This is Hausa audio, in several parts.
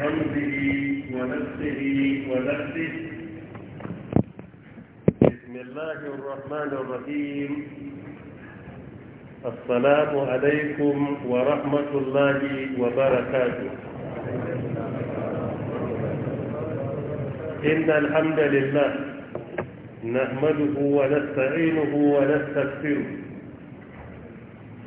بهمزه ونفسه ونفسه بسم الله الرحمن الرحيم السلام عليكم ورحمة الله وبركاته إن الحمد لله نحمده ونستعينه ونستغفره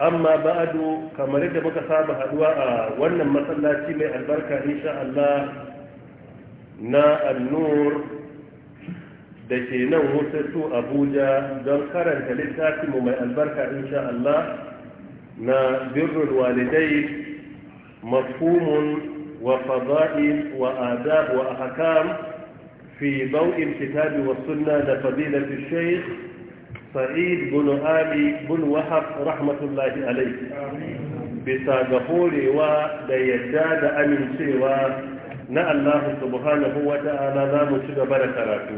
amma ba'adu kamar yadda muka saba haduwa a wannan masallaci mai albarka insha Allah na annur da ke nan hutattu abuja don karanta littafinmu mai albarka insha Allah na birrul walidai mafhumun wa fada'il wa adab wa hakam fi bau'in kitabi wa sunna da fadilatul shaykh sa'id bin ali bin wahab rahmatullahi alaihi bisa ga horewa da yadda da amincewa na Allah subhanahu wa ta'ala za mu ci gaba da karatu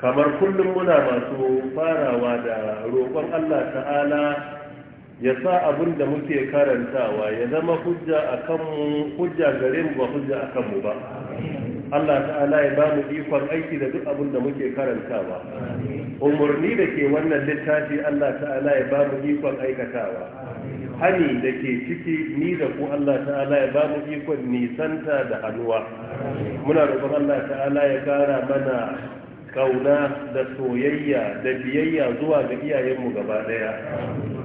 kamar kullum muna masu farawa da roƙon Allah ta'ala ya sa abin da muke karantawa ya zama hujja a kanmu hujja gare mu ba hujja a kanmu ba Allah ta'ala ya ba mu ikon aiki da duk abin da muke karantawa umarni da ke wannan littafi Allah ta'ala ya ba mu ikon aikatawa hani da ke ciki ni da ku Allah ta'ala ya ba mu ikon nisanta da hannuwa muna roƙon Allah ta'ala ya ƙara mana kauna da soyayya da biyayya zuwa ga iyayenmu gaba daya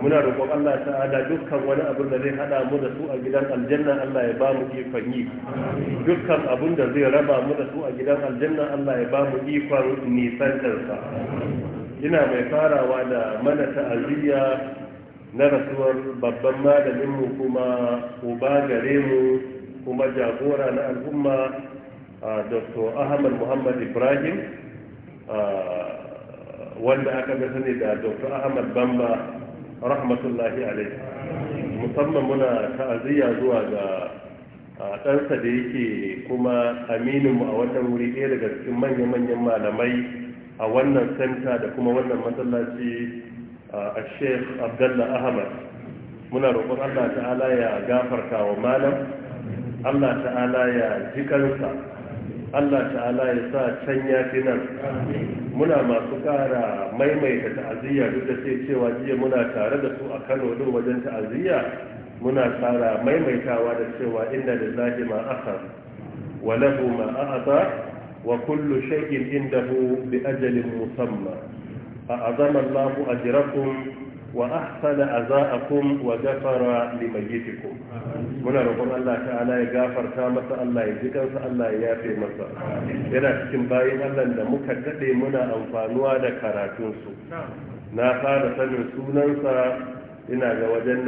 muna roƙon Allah ta'ala dukkan wani abin da zai hada mu da su a gidan aljanna Allah ya ba mu ikon yi dukkan abin da zai raba mu da su a gidan aljanna Allah ya ba mu ikon nisantarsa ina mai farawa da mana ta'aziyya na rasuwar babban malaminmu kuma uba gare mu kuma jagora na al'umma dr ahmad muhammad ibrahim wanda aka ga sani da dr ahmad bamba rahmatullahi alaihi musamman muna ta'aziyya zuwa ga ɗansa da yake kuma amininmu a wannan wuri ɗaya daga cikin manya-manyan malamai a wannan santa da kuma wannan masallaci a sheikh abdullah ahmad muna roƙon allah ta'ala ya gafarta wa malam allah ta'ala ya jikansa Allah ta'ala ya sa can ya fi nan muna masu ƙara maimaita ta'aziyya duk da sai cewa jiya muna tare da su a Kano din wajen ta'aziyya muna ƙara maimaitawa da cewa inna lillahi ma aka wa lahu ma a'ata wa kullu shay'in indahu bi ajalin musamma azama Allahu ajrakum وأحسن أزاءكم وغفر لميتكم muna roƙon Allah ta'ala ya gafarta masa Allah ya ji Allah ya yafe masa yana cikin bayan Allah da muka daɗe muna amfanuwa da karatunsu na fara sanin sunansa ina ga wajen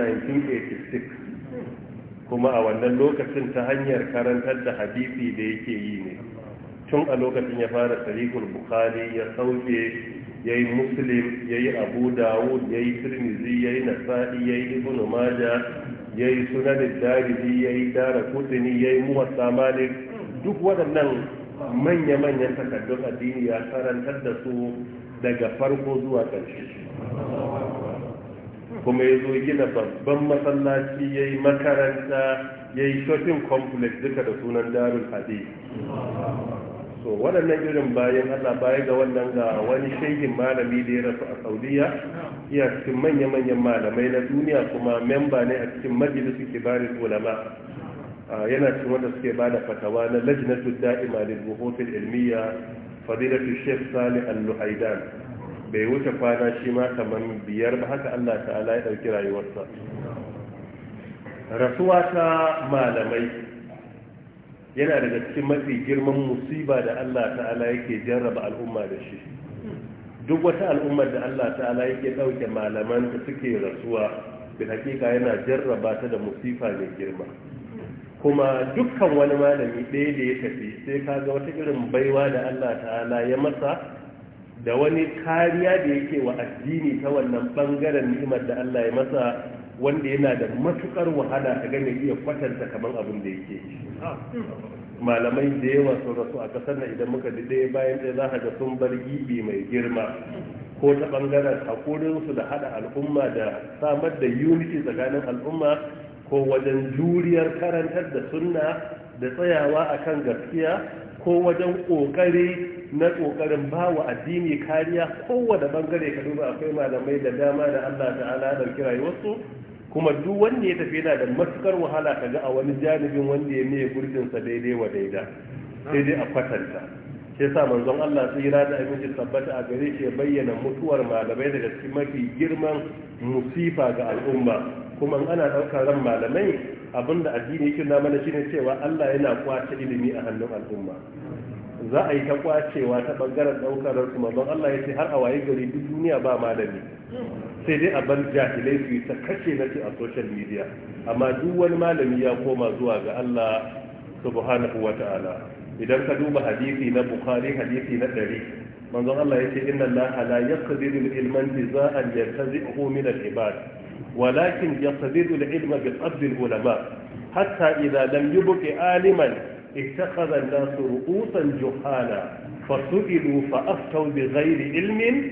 1986 kuma a wannan lokacin ta hanyar karantar da hadisi da yake yi ne tun a lokacin ya fara sarihul bukhari ya sauke ya muslim yayi abu dawud yayi yi tirmizi ya yi nasa'i ya yi ibn maja ya yi sunanin daridi ya yi dara kutini ya yi malik duk waɗannan manya-manyan takardun addini ya karantar da su daga farko zuwa ƙarshe kuma ya zo gina babban masallaci ya makaranta ya yi shopping complex duka da sunan darul hadith So waɗannan irin bayan allah baya ga wannan ga wani shaikin malami da ya rasu a saudiya iya cikin manya-manyan malamai na duniya kuma memba ne a cikin majalisu kibarin ulama yana cikin wanda suke ba da fatawa na lajinatu da'ima da buhutul ilmiya fadilatu shef sani al-luhaidan bai wuce kwana shi ma kamar biyar ba haka allah ta'ala ya ɗauki rayuwarsa rasuwa ta malamai yana daga cikin mafi girman musiba da Allah ta'ala yake jarraba al'umma da shi duk wata al'ummar da Allah ta'ala yake ɗauke malaman da suke rasuwa da hakika yana jarraba ta da musifa mai girma kuma dukkan wani malami ɗaya da ya tafi sai kaga wata irin baiwa da Allah ta'ala ya masa da wani kariya da yake wa addini ta wannan bangaren ni'imar da Allah ya masa wanda yana da matukar wahala ta gane iya kwatanta kamar abin da yake malamai da yawa sun rasu a kasar na idan muka ji ɗaya bayan ɗaya za ga sun bar gibi mai girma ko ta ɓangaren su da haɗa al'umma da samar da unity tsakanin al'umma ko wajen juriyar karantar da sunna da tsayawa akan gaskiya ko wajen ƙoƙari na ƙoƙarin ba wa addini kariya kowane bangare ka duba akwai malamai da dama da Allah ta'ala da kira wasu kuma duk wanda ya tafi yana da matukar wahala ka ga a wani janibin wanda ya mai gurbinsa daidai wa daida sai dai a kwatanta sai sa manzon Allah tsira da abinci tabbata a gare shi ya bayyana mutuwar malamai daga cikin mafi girman musifa ga al'umma kuma ana ɗaukar ran malamai abinda addini yake na mana shine cewa Allah yana kwace ilimi a hannun al'umma za a yi ta kwacewa ta bangaren daukar su manzon Allah ya ce har a waye gari duk duniya ba malami sai dai a bar jahilai su yi ta kashe na a social media amma duk wani malami ya koma zuwa ga Allah subhanahu wa ta'ala idan ka duba hadisi na bukhari hadisi na ɗari manzon Allah ya ce inna Allah la yaqdiru ilman jaza'an yartazi'uhu min al-ibad walakin yaqdiru al-ilma bi qadri al-ulama hatta idha lam yubqi aliman اتخذ الناس رؤوسا جهالا فسئلوا فأفتوا بغير علم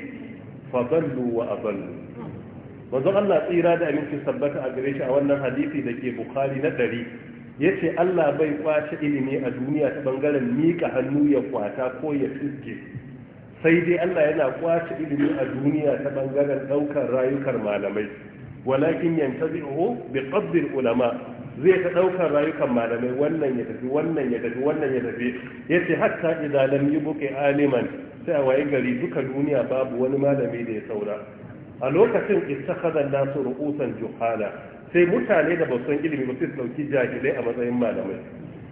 فضلوا وأضلوا manzon Allah tsira da aminci sabbata a gare shi a wannan hadisi da ke Bukhari na ɗari ya ce Allah bai kwace ilimi a duniya ta bangaren miƙa hannu ya kwata ko ya fiske sai dai Allah yana kwace ilimi a duniya ta bangaren ɗaukar rayukar malamai walakin zai bi qadri ulama zai ta ɗaukar rayukan malamai wannan ya tafi wannan ya tafi wannan ya tafi ya ce hatta idan lam yi buke aliman sai a waye gari duka duniya babu wani malami da ya saura a lokacin istakhadha nasu ru'usan juhala sai mutane da basan ilimi ba su dauki jahilai a matsayin malamai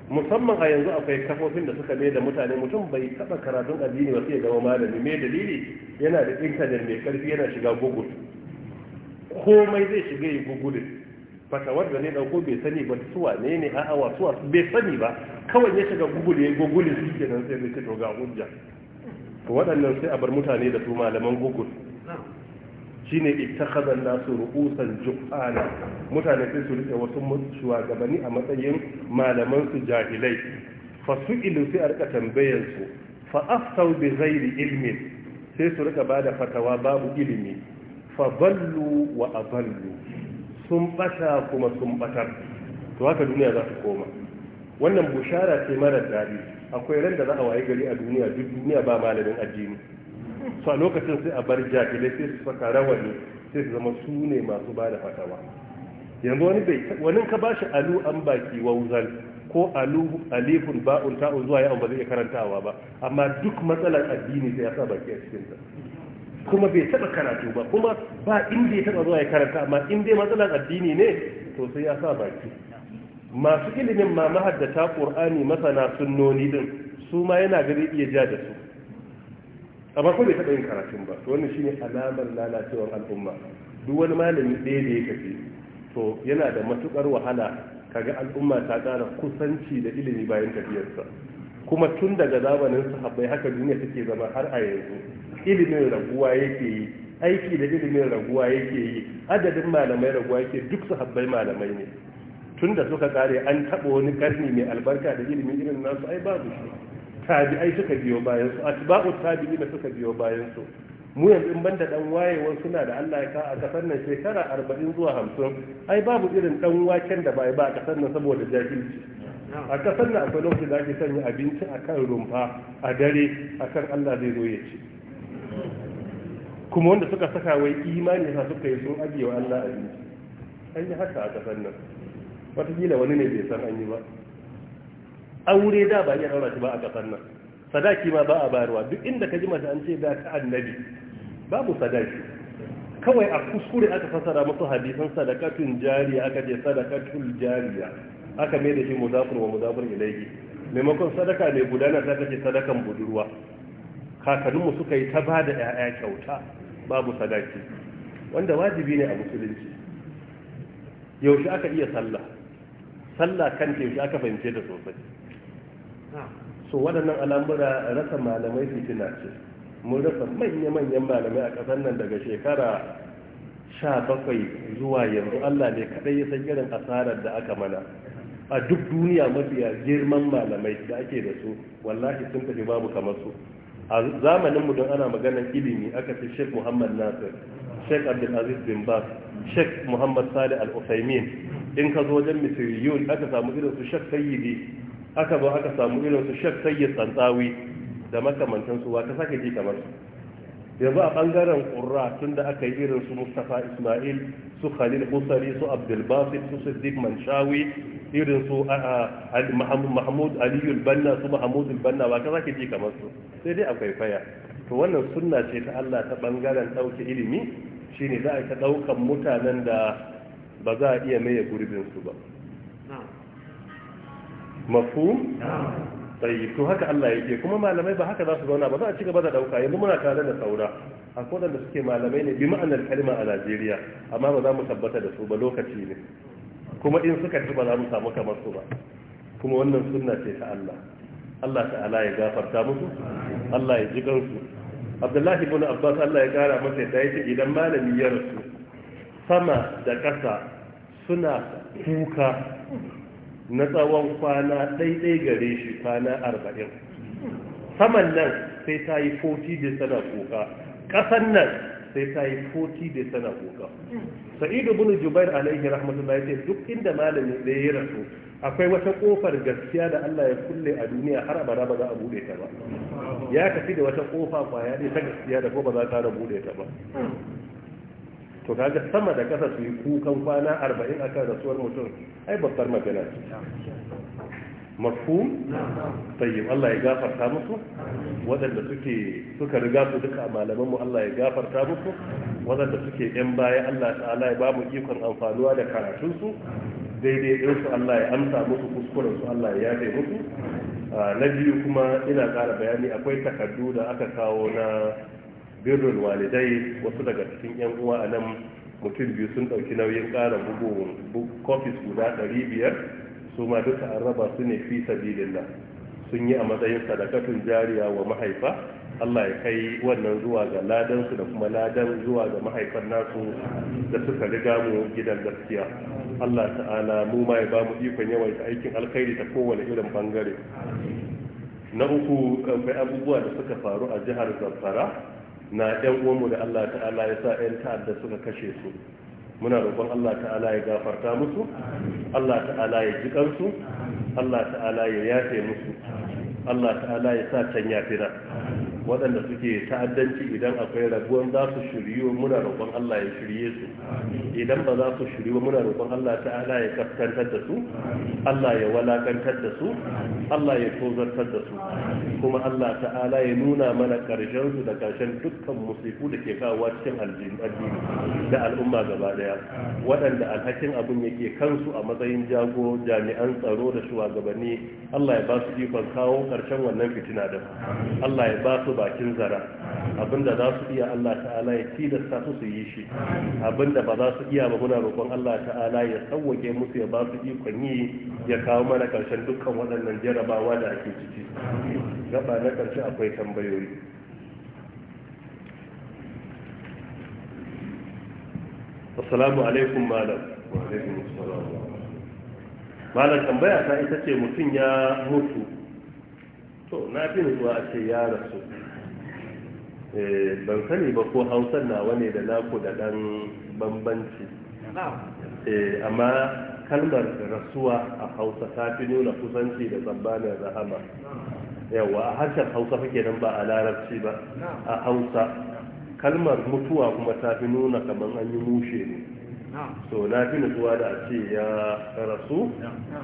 musamman a yanzu akwai kafofin da suka mai da mutane mutum bai taɓa karatun addini ba sai zama malami mai dalili yana da intanet mai karfi yana shiga google komai zai shiga yi google fatawar da ne dauko bai sani ba suwa ne ne a'a wa suwa bai sani ba kawai ya shiga google ya google ke nan sai ya to ga hujja waɗannan sai a bar mutane da su malaman google shine ita an-nasu ru'usan juhala mutane sai su rike wasu shugabanni a matsayin malaman su jahilai fa su'ilu sai a rika tambayar su fa aftau bi ghairi ilmi sai su rika bada fatawa babu ilimi fa ballu wa aballu sun bata kuma sun batar to haka duniya za su koma wannan bushara ce mara daɗi akwai ran da za a waye gari a duniya duk duniya ba malamin addini su a lokacin sai a bar jahilai sai su saka rawani sai su zama su ne masu ba da fatawa yanzu wani bai wani ka ba shi alu an baki wauzal ko alu alifun ba'un ta'un zuwa ya'un ba zai iya karantawa ba amma duk matsalar addini sai ya sa baki a cikin kuma bai taba karatu ba kuma ba inda ya taba zuwa ya karanta amma in dai matsalar addini ne to sai ya sa baki masu ilimin ma mahaddata qur'ani masana sunnoni din su ma yana gari iya ja da su amma ko bai taba yin karatun ba to wannan shine alamar lalacewar al'umma duk wani malami ɗaya da ya tafi to yana da matukar wahala kaga al'umma ta ƙara kusanci da ilimi bayan tafiyarsa kuma tun daga zamanin sahabbai haka duniya take zama har a yanzu ilimin raguwa yake yi aiki da ilimin raguwa yake yi adadin malamai raguwa yake duk su habbai malamai ne tun da suka kare an taɓa wani karni mai albarka da ilimin irin nasu ai babu shi tabi ai suka biyo bayan su atba'u tabi'i da suka biyo bayan su mu yanzu in banda dan wayewar suna da Allah ya ka a kasar nan shekara 40 zuwa 50 ai babu irin dan waken da bai ba a kasar nan saboda jahilci a kasar nan akwai lokacin da ake sanya abinci akan rumfa a dare akan Allah zai zo ya ci kuma wanda suka saka wai imani sa suka yi sun ajiye wa Allah yi an yi haka a kasar nan watakila wani ne bai san an yi ba aure da ba iya daura shi ba a kasar nan sadaki ma ba a bayarwa duk inda ka ji mace an ce da ta annabi babu sadaki kawai a kuskure aka fasara musu hadisan sadakatun jariya aka je sadakatul jariya aka mai da shi mudafur wa mudafur ilayhi maimakon sadaka mai gudana ta kace sadakan budurwa kakanninmu suka yi ta ba da 'ya'ya kyauta babu sadaki wanda wajibi ne a musulunci yaushe aka iya sallah sallah kanta yaushe aka fahimce da sosai so waɗannan al'amura rasa malamai fitina ce mun rasa manya-manyan malamai a ƙasar nan daga shekara sha bakwai zuwa yanzu allah ne kaɗai ya san irin asarar da aka mana a duk duniya mafiya girman malamai da ake da su wallahi sun tafi babu kamar su a zamaninmu don ana maganar ilimi aka ce sheikh muhammad nasir sheikh abdulaziz bin bas sheikh muhammad Sadi al-usaimin in ka zo wajen misiriyun aka samu irin su sheikh sayyidi aka zo aka samu irin su sheikh sayyid tsantsawi da makamantansu wa ka sake ji kamar su yanzu a bangaren ƙura tunda aka yi irin su mustapha ismail su khalil musari su abdulbasir su siddiq manshawi irin su mahmud aliyu banna su mahmud banna ba ka zaki ji kamar su sai dai akwai faya to wannan sunna ce ta Allah ta bangaren ɗauke ilimi shine za a ta ɗaukan mutanen da ba za a iya maye gurbin su ba mafhum tayyib to haka Allah ya yake kuma malamai ba haka za su zauna ba za a ci gaba da dauka yanzu muna tare da saura A akwai da suke malamai ne bi ma'anar kalma a Najeriya amma ba za mu tabbata da su ba lokaci ne kuma in suka ci ba za mu samu kamar su ba kuma wannan sunna ce ta Allah Allah ta'ala ya gafarta musu Allah ya ji kansu Abdullahi ibn Abbas Allah ya kara masa yadda yake idan malami ya rasu sama da ƙasa suna kuka na tsawon kwana ɗaiɗai gare shi kwana arba'in saman nan sai ta yi 40 da sana koka ƙasan nan sai ta yi 40 da sana koka sa'idu bin jubair alaihi ya ce duk inda malamin ɗaya ya rasu akwai wata kofar gaskiya da Allah ya kulle a duniya har abada ba za a bude ta ba ya kafi da wata kofa kwaya ne ta gaskiya da ko ba za ta bude ta ba to kaga sama da kasa su yi kukan kwana arba'in akan rasuwar mutum ai babbar magana ce mafhum tayyib Allah ya gafarta musu waɗanda suke suka riga su duka malaman mu Allah ya gafarta musu waɗanda suke yan baya Allah ta'ala ya ba mu ikon amfanuwa da karatun su daidai ɗin su Allah ya amsa musu kuskuren su Allah ya yafe musu ah, na biyu kuma ina ƙara bayani akwai takardu da aka kawo na birrul walidai wasu daga cikin yan uwa a nan mutum biyu sun ɗauki nauyin ƙara bugu kofis guda ɗari biyar su ma duka an raba su ne fi sabilillah sun yi a matsayin sadakatun jariya wa mahaifa Allah ya kai wannan zuwa ga ladansu da kuma ladan zuwa ga mahaifan nasu da suka riga mu gidan gaskiya Allah ta'ala mu ma ya ba mu ikon yawaita aikin alkhairi ta kowane irin bangare na uku akwai abubuwa da suka faru a jihar zamfara na ɗan uwanmu da Allah ta'ala ya sa 'yan ta'adda suka kashe su muna roƙon Allah ta'ala ya gafarta musu Allah ta'ala ya ji su. Allah ta'ala ya yafe musu Allah ta'ala ya sa can yafira waɗanda suke ta'addanci idan akwai raguwan za su shiryu muna roƙon Allah ya shirye su idan ba za su shiryu muna roƙon Allah ta'ala ya kaskantar da su Allah ya walakantar da su Allah ya tozartar da su kuma Allah ta'ala ya nuna mana ƙarshen su da ƙarshen dukkan musiku da ke kawo cikin addini da al'umma gaba daya waɗanda alhakin abin yake kansu a matsayin jago jami'an tsaro da shugabanni Allah ya ba su ikon kawo ƙarshen wannan fitina da Allah ya ba su bakin zara abinda za su iya Allah ta'ala ya da su su yi shi abinda ba za su iya ba muna roƙon Allah ta'ala ya sauwake musu ya ba su ikon yi ya kawo mana karshen dukkan waɗannan jarabawa da ake ciki gaba na karshe akwai tambayoyi assalamu alaikum malam wa alaikum tambaya ta ita ce mutum ya mutu to na fi nutsuwa a ce ya rasu Eh, ban sani ba ko hausan nawa ne da naku da dan bambanci eh, amma kalmar rasuwa a hausa ta fi nuna kusanci da tsammanin rahama yawa a harshen hausa fa kenan ba a larabci ba a hausa kalmar mutuwa kuma ta fi nuna kamar an yi mushe ne so na fi nutsuwa da a ce ya rasu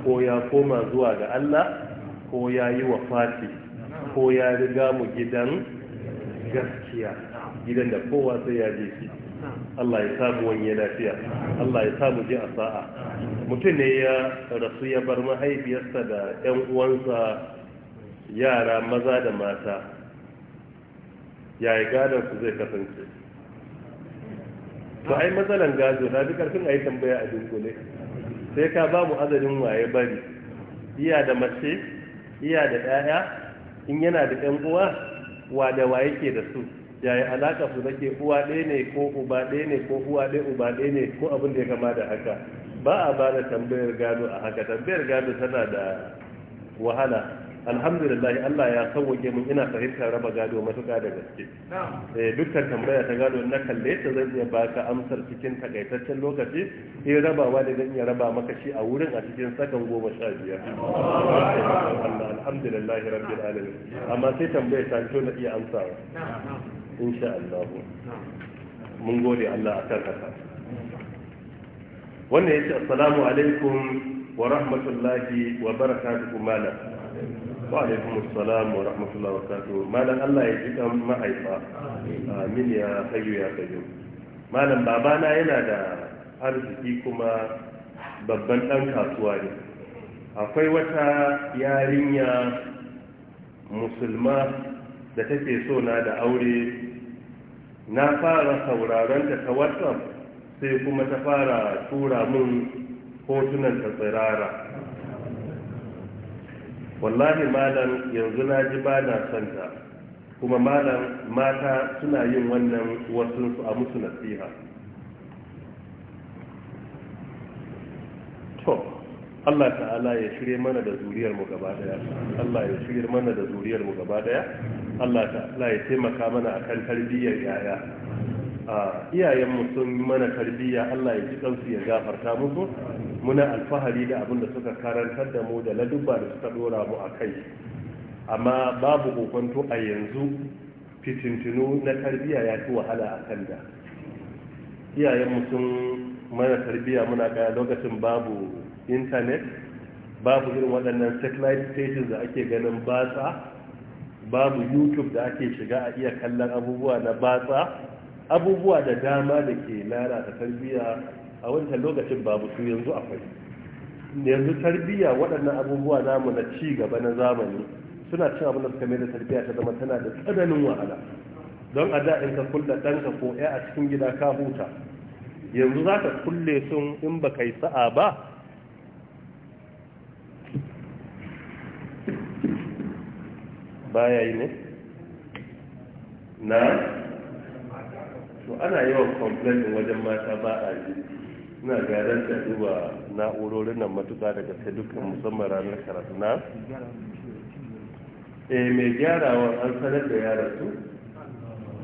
ko ya koma zuwa ga allah ko ya yi wafati ko ya riga mu gidan gaskiya gidan da kowa sai ya je shi Allah ya samu wani ya lafiya Allah ya samu ji a sa'a mutum ne ya rasu ya bar mahaifiyarsa da 'yan uwansa yara maza da mata yaya gadon su zai kasance to ai matsalan gado na bi karfin a yi tambaya a dunkule sai ka ba mu adadin waye bari iya da mace iya da ɗaya in yana da 'yan uwa wa da wa yake da su yaya alaka su nake uwa ɗaya ne ko uba ɗaya ne ko uwa ɗaya uba ɗaya ne ko abin da ya kama da haka ba a ba da tambayar gado a haka tambayar gado tana da wahala alhamdulillah Allah ya sauwake mun ina fahimtar raba gado matuƙa da gaske eh, dukkan tambaya ta gado na kalle ta zan iya baka amsar cikin takaitaccen lokaci in eh, rabawa da zan iya raba maka shi a wurin a cikin sakan goma sha biyar alhamdulillah rabbil alamin amma sai tambaya ta fito na iya amsawa insha Allah mun gode Allah akan haka wannan yace assalamu alaikum wa rahmatullahi wa barakatuhu malam wa alaikum assalam wa rahmatullahi wa barakatuh malam Allah ya ji kan mahaifa amin ya hayyu ya qayyum malam babana yana da arziki kuma babban dan kasuwa ne akwai wata yarinya musulma da take so na da aure na fara sauraron ta ta whatsapp sai kuma ta fara tura mun hotunan ta tsirara wallahi malam yanzu na ji ba na santa kuma malam mata suna yin wannan wasunsu a musu nasiha to Allah ta'ala ya shirye mana da zuriyar mu gaba daya Allah ya shirye mana da zuriyar mu gaba daya Allah ta'ala ya taimaka mana akan tarbiyyar yaya a iyayenmu sun mana tarbiyya Allah ya ji kansu ya gafarta musu muna alfahari da abin da suka karantar da mu da ladubba da suka dora mu a kai amma babu kokonto a yanzu fitintinu na tarbiyya ya fi wahala a kan da iyayenmu sun mana tarbiyya muna kaya lokacin babu intanet babu irin waɗannan satellite stations da ake ganin batsa babu youtube da ake shiga a iya kallon abubuwa na batsa abubuwa da dama da ke lalata tarbiyya a wancan lokacin babu su yanzu akwai yanzu tarbiyya waɗannan abubuwa namu na ci gaba na zamani suna cin abin da suka mai da tarbiyya ta zama tana da tsananin wahala don a da in ka kulle ɗanka ko ya a cikin gida ka huta yanzu za ka kulle sun in ba yi sa'a ba baya yi ne na to ana yawan complain wajen mata ba a yi ina garan da duba na'urorin nan matuka daga sai dukkan musamman ranar karatu na E mai gyarawa an sanar da yara su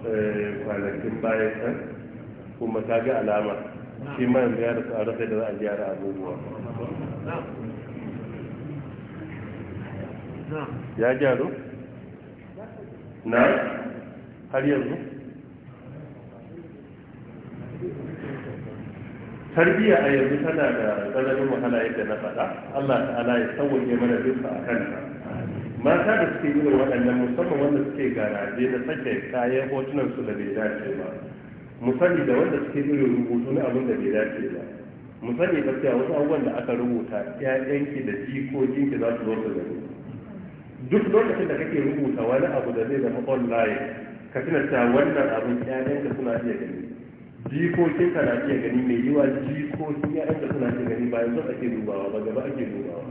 eh, kwanakin bayan kan kuma ta ga alama shi ma yanzu yara su a rasa da za a gyara abubuwa ya gyaru na har yanzu tarbiyya a yanzu tana da tsananin wahala yadda na faɗa Allah ta'ala ya sauwaje mana duka a kanta mata da suke yi waɗannan musamman wanda suke garaje da sake kayan hotunan su da bai dace ba musali da wanda suke yi rubutu na abin da bai dace ba musali ba cewa wasu abubuwan da aka rubuta ƴaƴanki da jikokinki za su zo su gani duk lokacin da kake rubuta wani abu da zai zama online ka tuna cewa wannan abin ƴaƴanka suna iya gani jikokin ka na iya gani mai yiwa jikokin ya da suna iya gani bayan sun ake dubawa ba gaba ake dubawa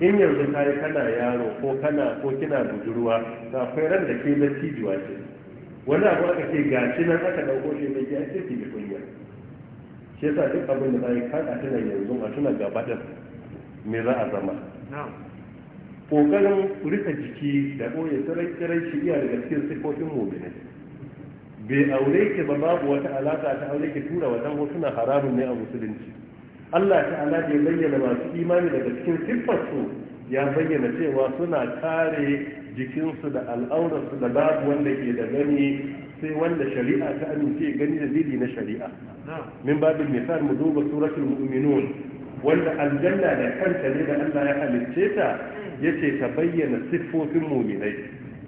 in yanzu ka yi kana yaro ko kana ko kina budurwa ta akwai ran da ke zaki jiwa ce wani abu aka ce gashi nan aka dauko shi mai ya ce fiye kunya shi yasa duk abin da zai kan a tuna yanzu a tunan gaba da me za a zama kokarin rika jiki da ɓoye sarai-sarai shi iya daga cikin sifofin mu bai aure ki ba babu wata alaka ta aure ki tura wannan hotuna haramun ne a musulunci Allah ta'ala da ya bayyana masu imani daga cikin siffarsu ya bayyana cewa suna kare jikinsu da al'aurarsu da babu wanda ke da gani sai wanda shari'a ta amince gani da dalili na shari'a min babu misal mu duba suratul mu'minun wanda aljanna da kanta ne da Allah ya halicce ta yace ta bayyana siffofin mu'minai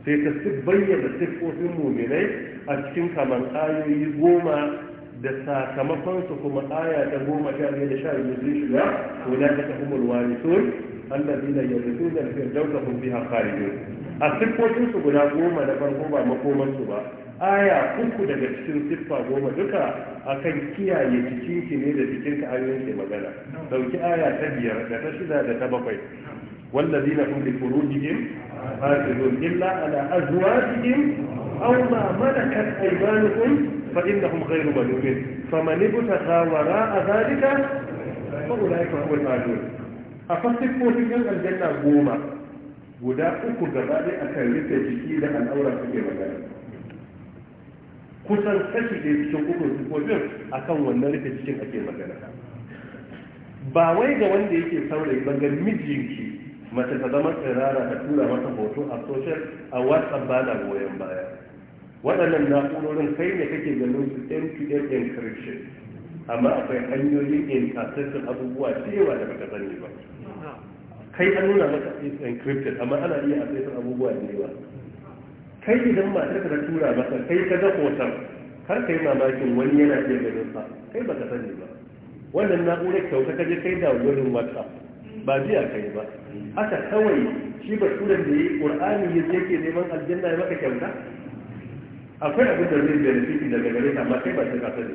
sai ta bayyana siffofin mu'minai a cikin kamar ayoyi goma da sakamakonsu kuma aya ta goma sha biyu da sha biyu zai shiga ko da ta humul warisun allazina da al-firdausa hum biha ne. a siffofin su guda goma na farko ba makoman su ba aya uku daga cikin siffa goma duka akan kiyaye cikin ne da cikin ka ayoyin ke magana dauki aya ta biyar da ta shida da ta bakwai والذين هم لفروجهم حافظون إلا على أزواجهم أو ما ملكت أيمانكم فإنهم غير ملومين فمن ابتغى وراء ذلك فأولئك هم المعدون أفصل فوتين الجنة قوما guda uku gaba أكاليك جديدة rufe أورا da al'aura suke magana kusan kashi da cikin uku a kan wannan rufe cikin ake magana ba wai ga wanda yake saurayi bangar mijinki mace ta zama tsirara ta tura masa hoto a social a whatsapp ba na goyon baya waɗannan na'urorin kai ne kake ganin su end to end encryption amma akwai hanyoyin encryption abubuwa da yawa da baka sani ba kai an nuna maka is encrypted amma ana iya accessing abubuwa da yawa kai idan matar ka tura maka kai ka ga hoton kar kai mamakin wani yana iya ganin sa kai baka sani ba wannan na'urar kyauta ka je kai da wurin whatsapp ba biya kai ba haka kawai shi baturan da yi ƙur'ani ke neman aljanna ya maka kyauta akwai abin da zai benefiti daga gare ka amma kai ba sai ka sani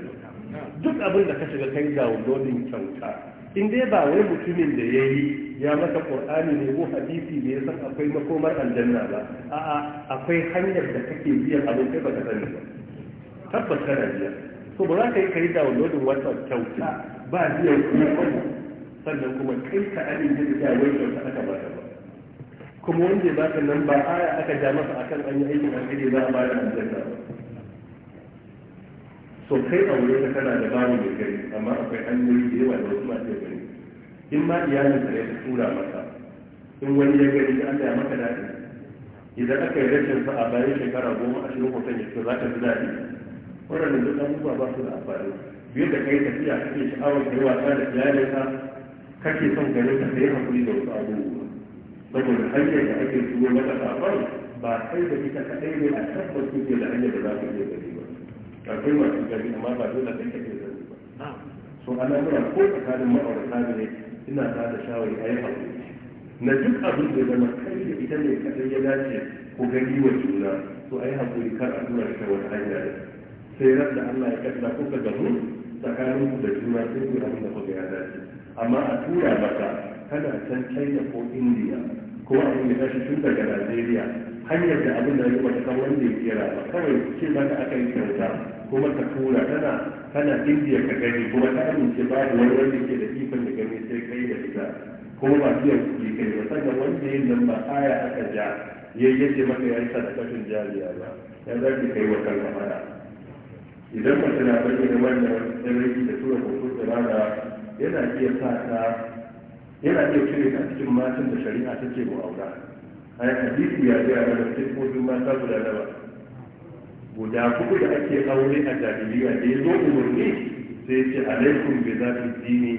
duk abin da ka shiga kai downloading kyauta in dai ba wai mutumin da ya yi ya maka qur'ani ne ko hadisi ne ya san akwai makomar aljanna ba a'a akwai hanyar da kake biyan abin kai ba ka sani ba tabbas kana biya so ba za ka yi kai downloading wata kyauta ba biyan kuma sannan kuma kai ka amince da wai kyauta aka ba ta ba kuma wanda ya baka nan ba aya aka ja masa akan an yi aikin alheri za a bayar da aljanna so kai a wuri ka kana da bani da kai, amma akwai hanyoyi da yawa da wasu masu gari in ma iyalin ka ne tura maka in wani ya gani da ya maka daɗi idan aka yi rashin sa a bayan shekara goma shirin hoton ya za ka ji daɗi waɗannan duk abubuwa ba su da amfani biyu da kai tafiya kake sha'awar kai wasa da iyalinka kake son garin ka sai hakuri da wasu abubuwa saboda hanyar da ake tuwo na kasafai ba kai da ita kaɗai ne a tabbas kuke da hanyar da za ku iya gani ba kai masu gari amma ba dole kai kake gani ba so ana mura ko tsakanin ma'aurata ne ina ba da shawari a yi haƙuri na duk abin da zama kai da ita ne kaɗai ya dace ko gani wa juna to a yi haƙuri kar a tura shi wata hanya ne sai ran da Allah ya kaddara kuka gamu tsakanin ku da juna sai ku abin da kuka ya dace amma a tura maka kana can china ko india ko abin da shi tun daga nigeria hanyar da abin da ya kuma kan wanda ya kera ba kawai ce maka aka yi kyauta kuma ka tura tana kana indiya ka gani kuma ta amince ba da wani wanda ke da ikon da gani sai kai da ita ko ba biyan kuɗi kai ba sannan wanda yin nan ba aya aka ja ya yi yadda maka ya yi sadakatun jariya ba ya za ki kai wa kan kamara idan mace na bayyana wannan rikin da tura hoto tsirara yana iya sa ta yana iya cire ka cikin matan da shari'a ta ce mu aura ai hadisi ya ga da sifofin mata guda nawa guda kuku da ake aure a jahiliya da ya zo umarni sai ce alaikum bi zati dini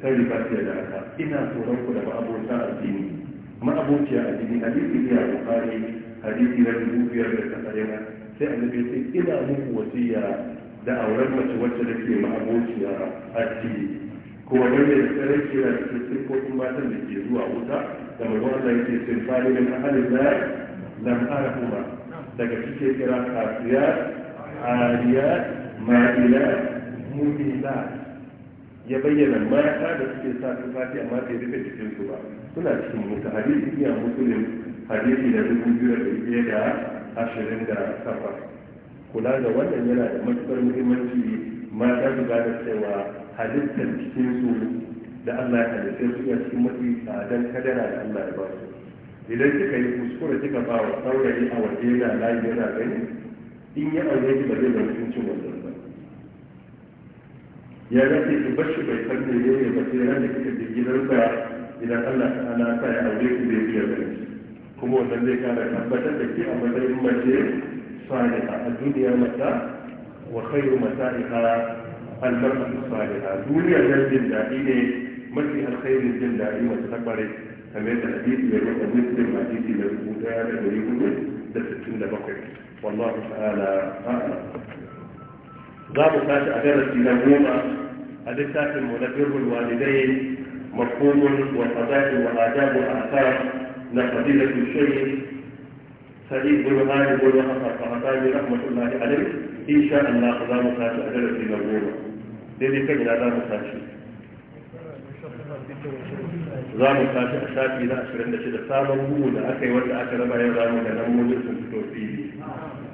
kai ba ta da aka ina tsoron ku da ma'abota addini ma'abociya addini hadisi ya bukari hadisi na dubu biyar da tsarewa sai a zube sai ina muku wasiya da auren mace wacce da ke a addini kuma wanda da tsare ke da cikin siffofin matan da ke zuwa wuta da mai wanda yake cin fari min da na fara kuma daga cikin kira asiya ariya ma'ila mumila ya bayyana mata da suke sa fati amma bai rufe cikin su ba suna cikin mutu hadisi iya musulun hadisi da dubu biyu da ɗaya da ashirin da takwas kula da wannan yana da matuƙar muhimmanci mu da cewa halittar cikin su da Allah ya halitta su ya cikin mafi tsadar kadara da Allah ya ba su idan kika yi kuskure kika ba wa saurayi a waje na layi yana gani in ya aure ki ba zai da cin wannan ba ya ga in ki bashi bai san ne ne ba sai ran da kika je gidansa idan Allah ana sa ya aure ki bai biya gani kuma wannan zai kara tabbatar da ke a matsayin mace sani a duniyar mata wa khairu mata'iha albarka su saliha duniya dan jin daɗi ne mafi alkhairin jin daɗi masu tabbare kamar da hadisi ya rubuta muslim hadisi na dubu ɗaya da ɗari hudu da sittin da bakwai wallahu ta'ala a'lam za mu tashi a darasi na goma a littafin mu na birrul walidai mafhumun wa qada'u wa adabu al-athar na fadilatul shaykh سعيد بن غالي بن حسن فمتاج رحمة الله عليه إن شاء الله لا مساش أجل في مجموعة دين كجل لا مساش لا مساش da aka yi wanda aka raba أكي ولا أكي لما يرامو sun fito fili.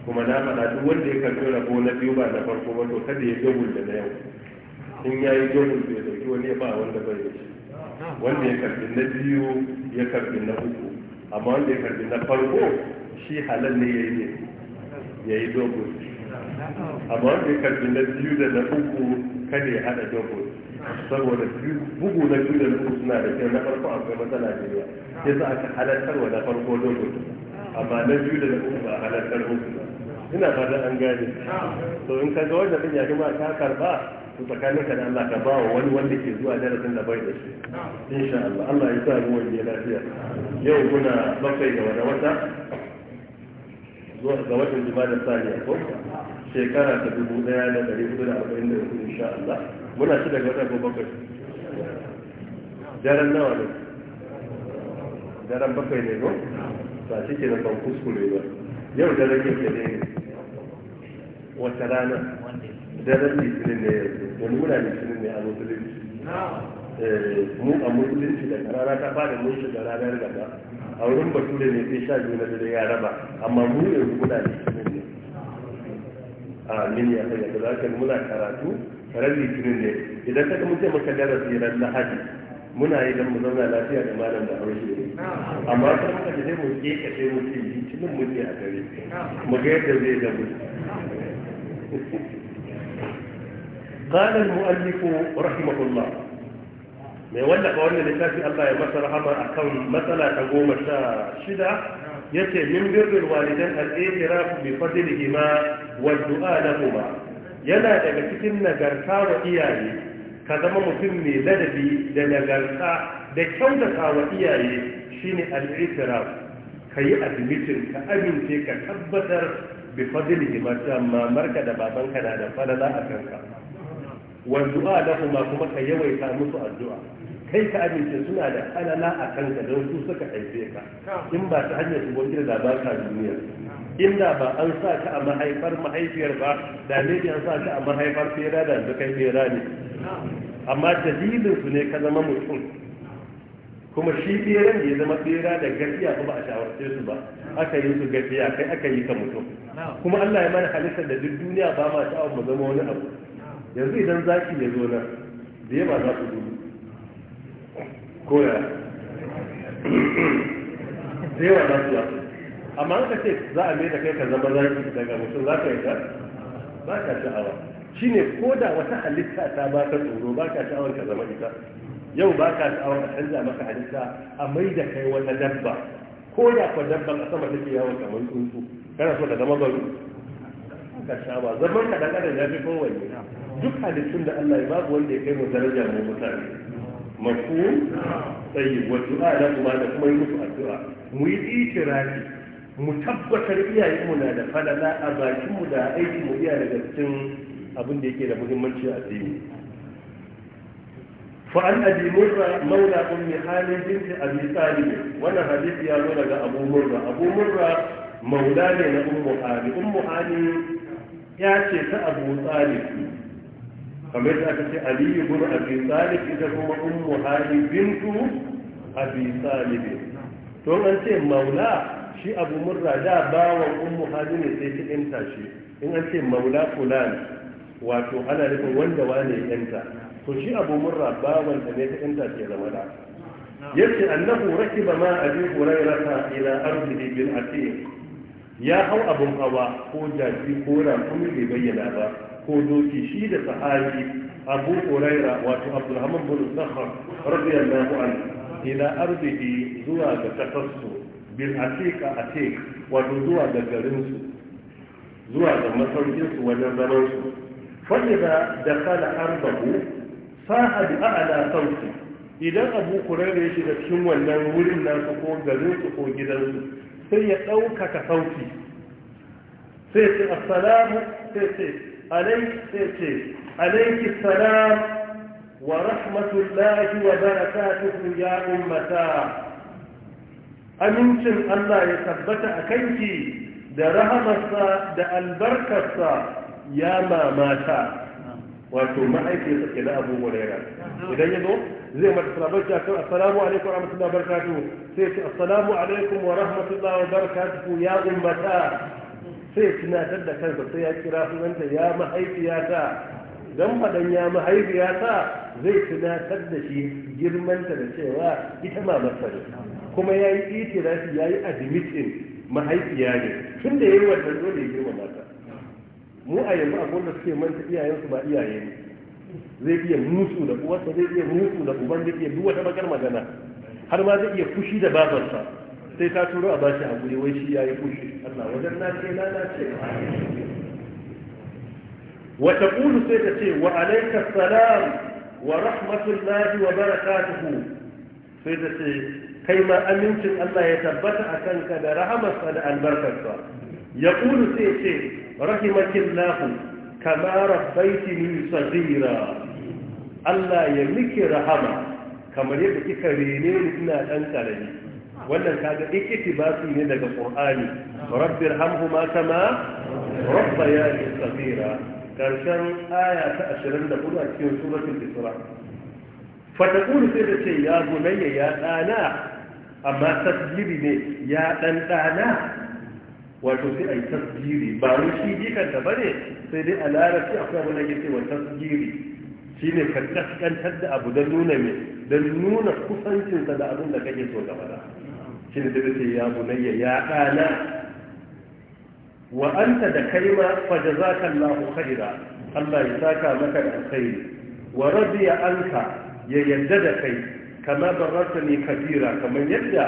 kuma na faɗa duk wanda ya karɓi rabo na biyu ba na farko ba to kada ya jobul da na yau in ya yi da ya dauki wani ya ba wanda bai yi wanda ya karɓi na biyu ya karɓi na uku amma wanda ya karɓi na farko shi halal ne ya yi ne, ya yi dogon. amma wanda ya karbi na biyu da na uku kada ya hada dogon, saboda bugu na biyu da na uku suna da kyau na farko akwai matsala da yawa ya sa aka wa na farko dogon, amma na biyu da na uku ba halartar uku ba ina fata an gane to in ka ga wanda kan yaki ma ta karba to tsakanin ka da Allah ka ba wani wanda ke zuwa darasin da bai da shi insha Allah Allah ya sa mu wani lafiya yau kuna bakwai ga wata wata ga watan jumada saniya ko shekara ta dubu daya da dari hudu da arba'in da hudu insha Allah muna shi daga wata gobe bakwai daren nawa ne daren bakwai ne ko ba shi ke nan ban kuskure ba yau daren yake ne wata rana daren litinin ne yanzu wani muna litinin ne a musulunci eh, mu a musulunci da rana ta ba da mun shiga ranar gaba a wurin batu da ne sai sha biyu na dare ya raba amma mu yanzu muna da ne a mini a sanya da za muna karatu rabi ne idan ka ce maka darasi ran lahadi muna yi don mu zauna lafiya da malam da aure ne amma kan muka ji mu ke ka sai mu ce tunin mu a gare mu ga yadda zai mu قال المؤلف رحمه الله mai wallafa wannan littafi Allah ya masa rahama akan matsala ta goma sha shida yace min birrul walidan al-i'tiraf bi hima wa du'a yana daga cikin nagarta wa iyaye ka zama mutum mai ladabi da nagarta da kyautata wa iyaye shine al Ka yi admitin ka amince ka tabbatar bi hima ta mamarka da babanka na da falala a kanka wa du'a kuma ka yawaita musu addu'a kai ka amince suna da alala a kanka don su suka haife ka in ba ta hanyar su gwamnati da ba ka duniya inda ba an sa ka a mahaifar mahaifiyar ba da ne an sa ka a mahaifar fera da yanzu fera ne amma dalilin su ne ka zama mutum kuma shi beran ne ya zama bera da gafiya ba a shawarce su ba aka yi su gafiya kai aka yi ka mutum kuma Allah ya mana halittar da duk duniya ba ma sha'awar mu zama wani abu yanzu idan zaki ya zo nan da yawa za ku dubu koya da yawa za su yasu amma ka ce za a da kai ka zama zaki daga mutum za ka yi ta ba ka sha'awa shi ne ko da wata halitta ta ba ka tsoro ba ka sha'awar ka zama ita yau ba ka sha'awar a canza maka halitta a maida kai wata dabba ko da kwa dabban a sama take yawon kamar tsuntsu kana so ka zama baro ka sha'awa zaman ka dan adam ya fi kowanne duk halittun da Allah ya babu wanda ya kai mu daraja mu mutane mafi tsayyuwa du'a na kuma da kuma yi musu addu'a mu yi ikirari mu tabbatar iyayen mu na da falala a bakin mu da aiki mu iya daga cikin abin da yake da muhimmanci a addini fa an abi murra maula ummi halin binti abi talib wannan hadisi ya zo daga abu murra abu murra maula ne na ummu hali ummu ya ce ta abu talib kamar da aka ce aliyu ibn abi talib ita kuma ummu hali bintu abi talib to an ce maula shi abu murra da bawan ummu hali ne sai ta yanta shi in an ce maula fulan wato ana nufin wanda wane ya yanta to shi abu murra bawan da ne ta yanta ke zama da yace annahu rakiba ma abi ta ila ardihi bil atiq ya hau abun hawa ko jaji ko kuma bai bayyana ba ko doki shi da sahabi abu huraira wato abdulrahman bin sakhar radiyallahu anhu ila ardihi zuwa ga kasarsu bil atiqa atiq wato zuwa ga garinsu zuwa ga masaukinsu wajen zaman su fa'ida da kala arbahu sa'a bi a'la sauti idan abu huraira ya shiga cikin wannan wurin nasu ko garinsu ko gidansu sai ya ɗaukaka sauti sai ce assalamu sai ce Alaiki عليك wa rahmatullahi wa وبركاته ya ummata. amincin Allah ya tabbata a kanki da rahamarsa da albarkarsa ya mamata wato ma'aikin sake na abu wurera idan ya zo zai mata salabarci akan assalamu alaikum wa rahmatullahi wa barakatuhu sai ce assalamu alaikum wa rahmatullahi wa barakatuhu ya ummata sai tunatar da kansa sai ya kira sunanta ya mahaifiyata don faɗan ya mahaifiyata zai tunatar da shi girmanta da cewa ita ma masar kuma ya yi shi ya yi admitin mahaifiya ne tun da ya yi wannan dole ya girma mata mu a yanzu a da suke manta iyayensu ba iyaye ne zai iya musu da uwarsa zai iya musu da uban zai iya duk wata bakar magana har ma zai iya fushi da babarsa sai ta turo a bashi a guri wai shi ya yi kushi Allah wajen na ce na na ce wa taqulu sai ta ce wa alayka salam wa rahmatullahi wa barakatuhu sai ta ce kai ma amincin Allah ya tabbata a kanka da rahamarsa da albarkarsa yaqulu sai ce "Rahimakin rahimaki kama rabbaitini saghira Allah ya miki rahama kamar yadda kika rene ni ina ɗan karami wannan kaga ikitibasi ne daga qur'ani rabbir hamhuma kama rabbayani saghira karshen aya ta 24 a cikin suratul isra fatakuru sai da ce ya bunayya ya dana amma tasbiri ne ya dan dana wato sai ai tasbiri. ba ru shi jikanta ba ne sai dai a shi akwai abin yake wa cewa shine shi ne ka kaskantar da abu don nuna mai don nuna kusancinsa da abin da kake so gaba da shi da dace ya bunayya ya ɗana wa da kai ma za ka lafi kaira Allah ya saka maka da kai wa an anka ya yadda da kai kama ne kabira kamar yadda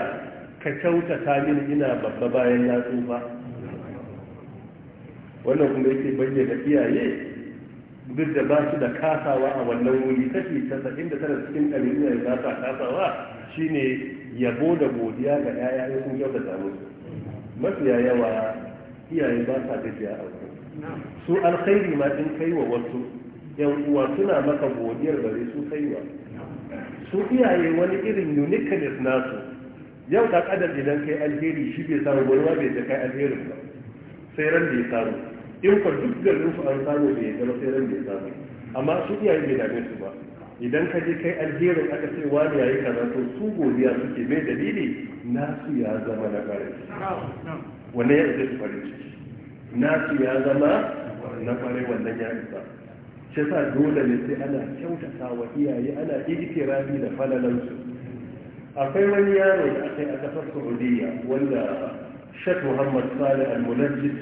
ka kyautata min ina babba bayan na tsufa wannan kuma yake bayyana iyaye duk da ba su da kasawa a wannan wuri kashi 99 cikin ɗari ne ba sa kasawa shine yabo da godiya ga yaya sun da musu mafiya yawa iyaye ba sa gajiya a wurin su alkhairi ma in kai wa wasu yan uwa suna maka godiyar bare su kaiwa su iyaye wani irin uniqueness nasu yau ka kadar idan kai alheri shi bai samu wani ma bai ta kai alheri ba sai ran da ya samu in ka duk garin su an samu bai ya zama sai ran da ya samu amma su iyaye bai dame su ba idan ka je kai alherin aka ce wani yayi kaza to su godiya suke mai dalili nasu ya zama na farin wannan ya isa farin ciki nasu ya zama na farin wannan ya isa shi sa dole ne sai ana kyautata wa iyaye ana ikirari da falalansu akwai wani yaro da aka yi a kasar saudiya wanda shek muhammad salih al-munajjid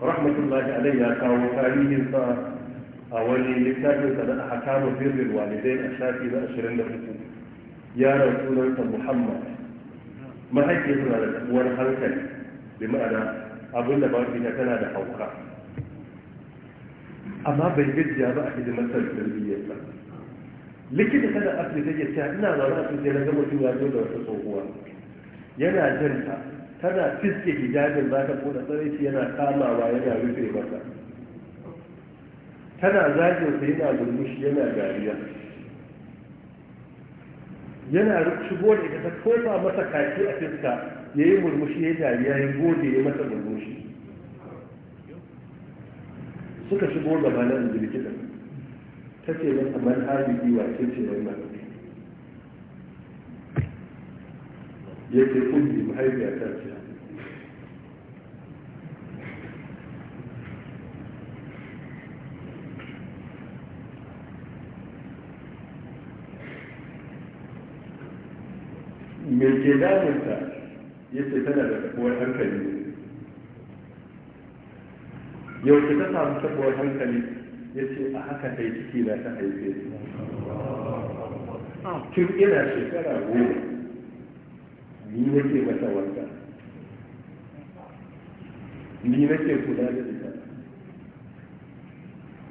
rahmatullahi alaihi ya kawo tarihinsa a wani littafin sa da kama birrin walidai a shafi na 23 yaron sunansa muhammad mahaifin suna da uwar hankali bi ma'ana abinda ba su ta tana da hauka amma bai gajiya ba a hidimar tarbiyyarsa likita tana asibiti take cewa ina zaune a cikin na gama tuwa zo da wata tsohuwa yana janta tana fiske hijabin za ta buɗe tsaraiki yana kamawa yana rufe masa tana zagin sa yana murmushi yana dariya yana shigo da ita ta kofa masa kaki a fiska ya yi murmushi ya dariya ya gode ya masa murmushi suka shigo gaba na inji likitan ta ce masa man hali wa ce ce mai mana ya ce kun bi mahaifiyar ta ce Mai ke damunta ya ce tana da tabuwar hankali yau ta samu tabuwar hankali ya ce a haka yi ciki na ta haife ah. tun ina shekara goma ni nake mata wanda ni nake kula da ita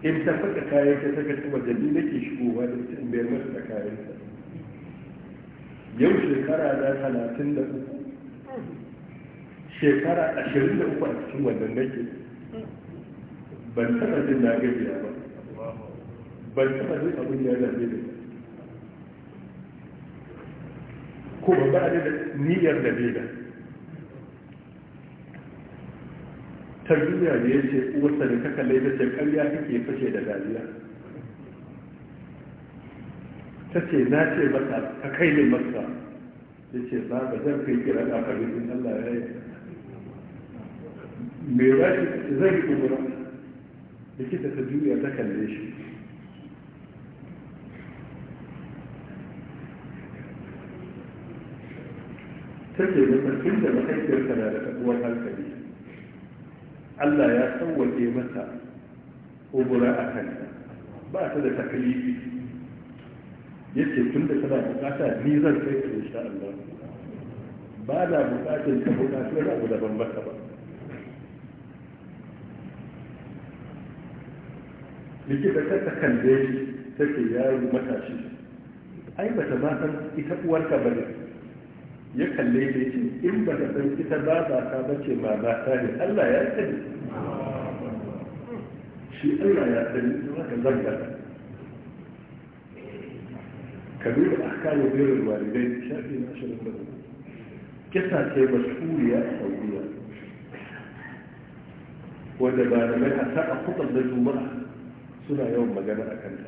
in ta saka kayan ta saka ta wajen ni nake shigowa da ita in bayar mata kayan yau shekara da talatin da uku shekara ashirin da uku a cikin wannan nake ban taɓa jin na gajiya ba ban taɓa jin abin da ya zaɓe da ko ba ba da niyyar da bai da tarbiyya ne ya ce uwarsa da kaka laifin ce kake fashe da dariya ta ce na ce mata ta kai ne masa, ya ce ba ba zan kai kira da kare sun Allah ya yi mai rashi zai yi da likita ta duniya ta kalle shi ta ce masa tun da mahaifiyarka na da kaduwar hankali Allah ya sauwaƙe masa umura a kanta ba ta da takalifi ya ce tun da kana bukata ni zan kai ka sha Allah ba na bukatar ka bukatar wani abu daban maka ba likita ta ta kalle shi take yaro matashi ai ta ma san ita uwarka ba ne ya kalle shi ce in ba ta san ita ba ba ta bace ma ba ta ne Allah ya sani shi Allah ya sani haka zan gaba ka duba ahkamu birrul walidai shafi na ashirin da kisa ce mashhuriya a saudiya wanda ba da mai hasa a kuɗin da juma'a suna yawan magana a kanta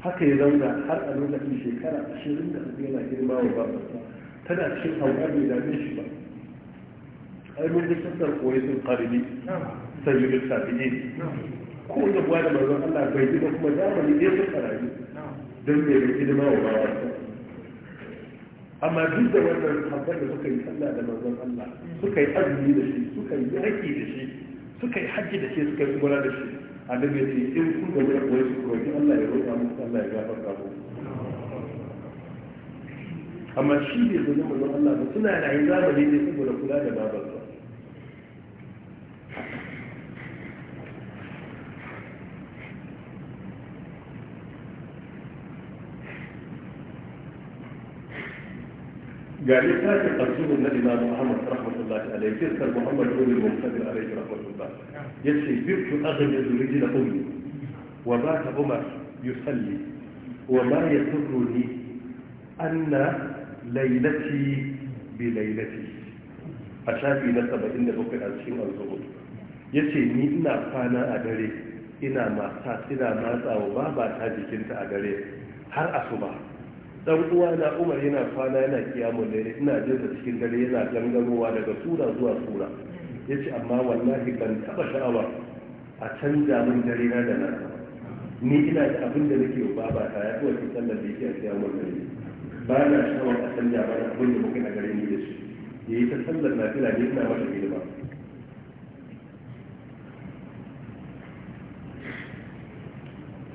haka ya zauna har a lokacin shekara ashirin da uku yana girma wa babarsa tana cikin hauka mai dame shi ba ai mun ji kasar koyi sun ƙarfi sayyidul ne. ko da kuwa da manzon Allah bai ji ba kuma zamani ɗaya sun ƙarfi don ya yi hidima wa bayan amma duk da wannan hankali da suka yi sallah da manzon Allah suka yi azumi da shi suka yi yaƙi da shi suka yi hajji da shi suka yi umara da shi a da ya ce in ku da wani abuwa su roƙi Allah ya roƙa musu Allah ya gafarta mu amma shi ne zai manzon Allah ba suna rayu zamani ne saboda kula da babansa Gari ta littafin arzuhun na imam muhammad rahmatullah alaihi kirkar muhammad ibn mumtazir alaihi rahmatullah yace birtu azami zuriji da ummi wa ba ta umar yusalli wa ma yasurruni anna lailati bi lailati a shafi na saba'in da 77 a cikin Ya ce ni ina kwana a dare ina mata ina matsawa ba ba ta jikinta a dare har asuba dan uwa na umar yana kwana yana kiyamun dare ina jinsa cikin dare yana gangarowa daga sura zuwa sura yace amma wallahi ban taba sha'awa a canja min dare na da na ni ina da abin da nake wa baba ta ya kuwa ki sallar da yake a kiyamun dare ba na sha'awar a canza mana abin da muke a gare ni da shi yayi ta sallar lafiya ne ina mata ba.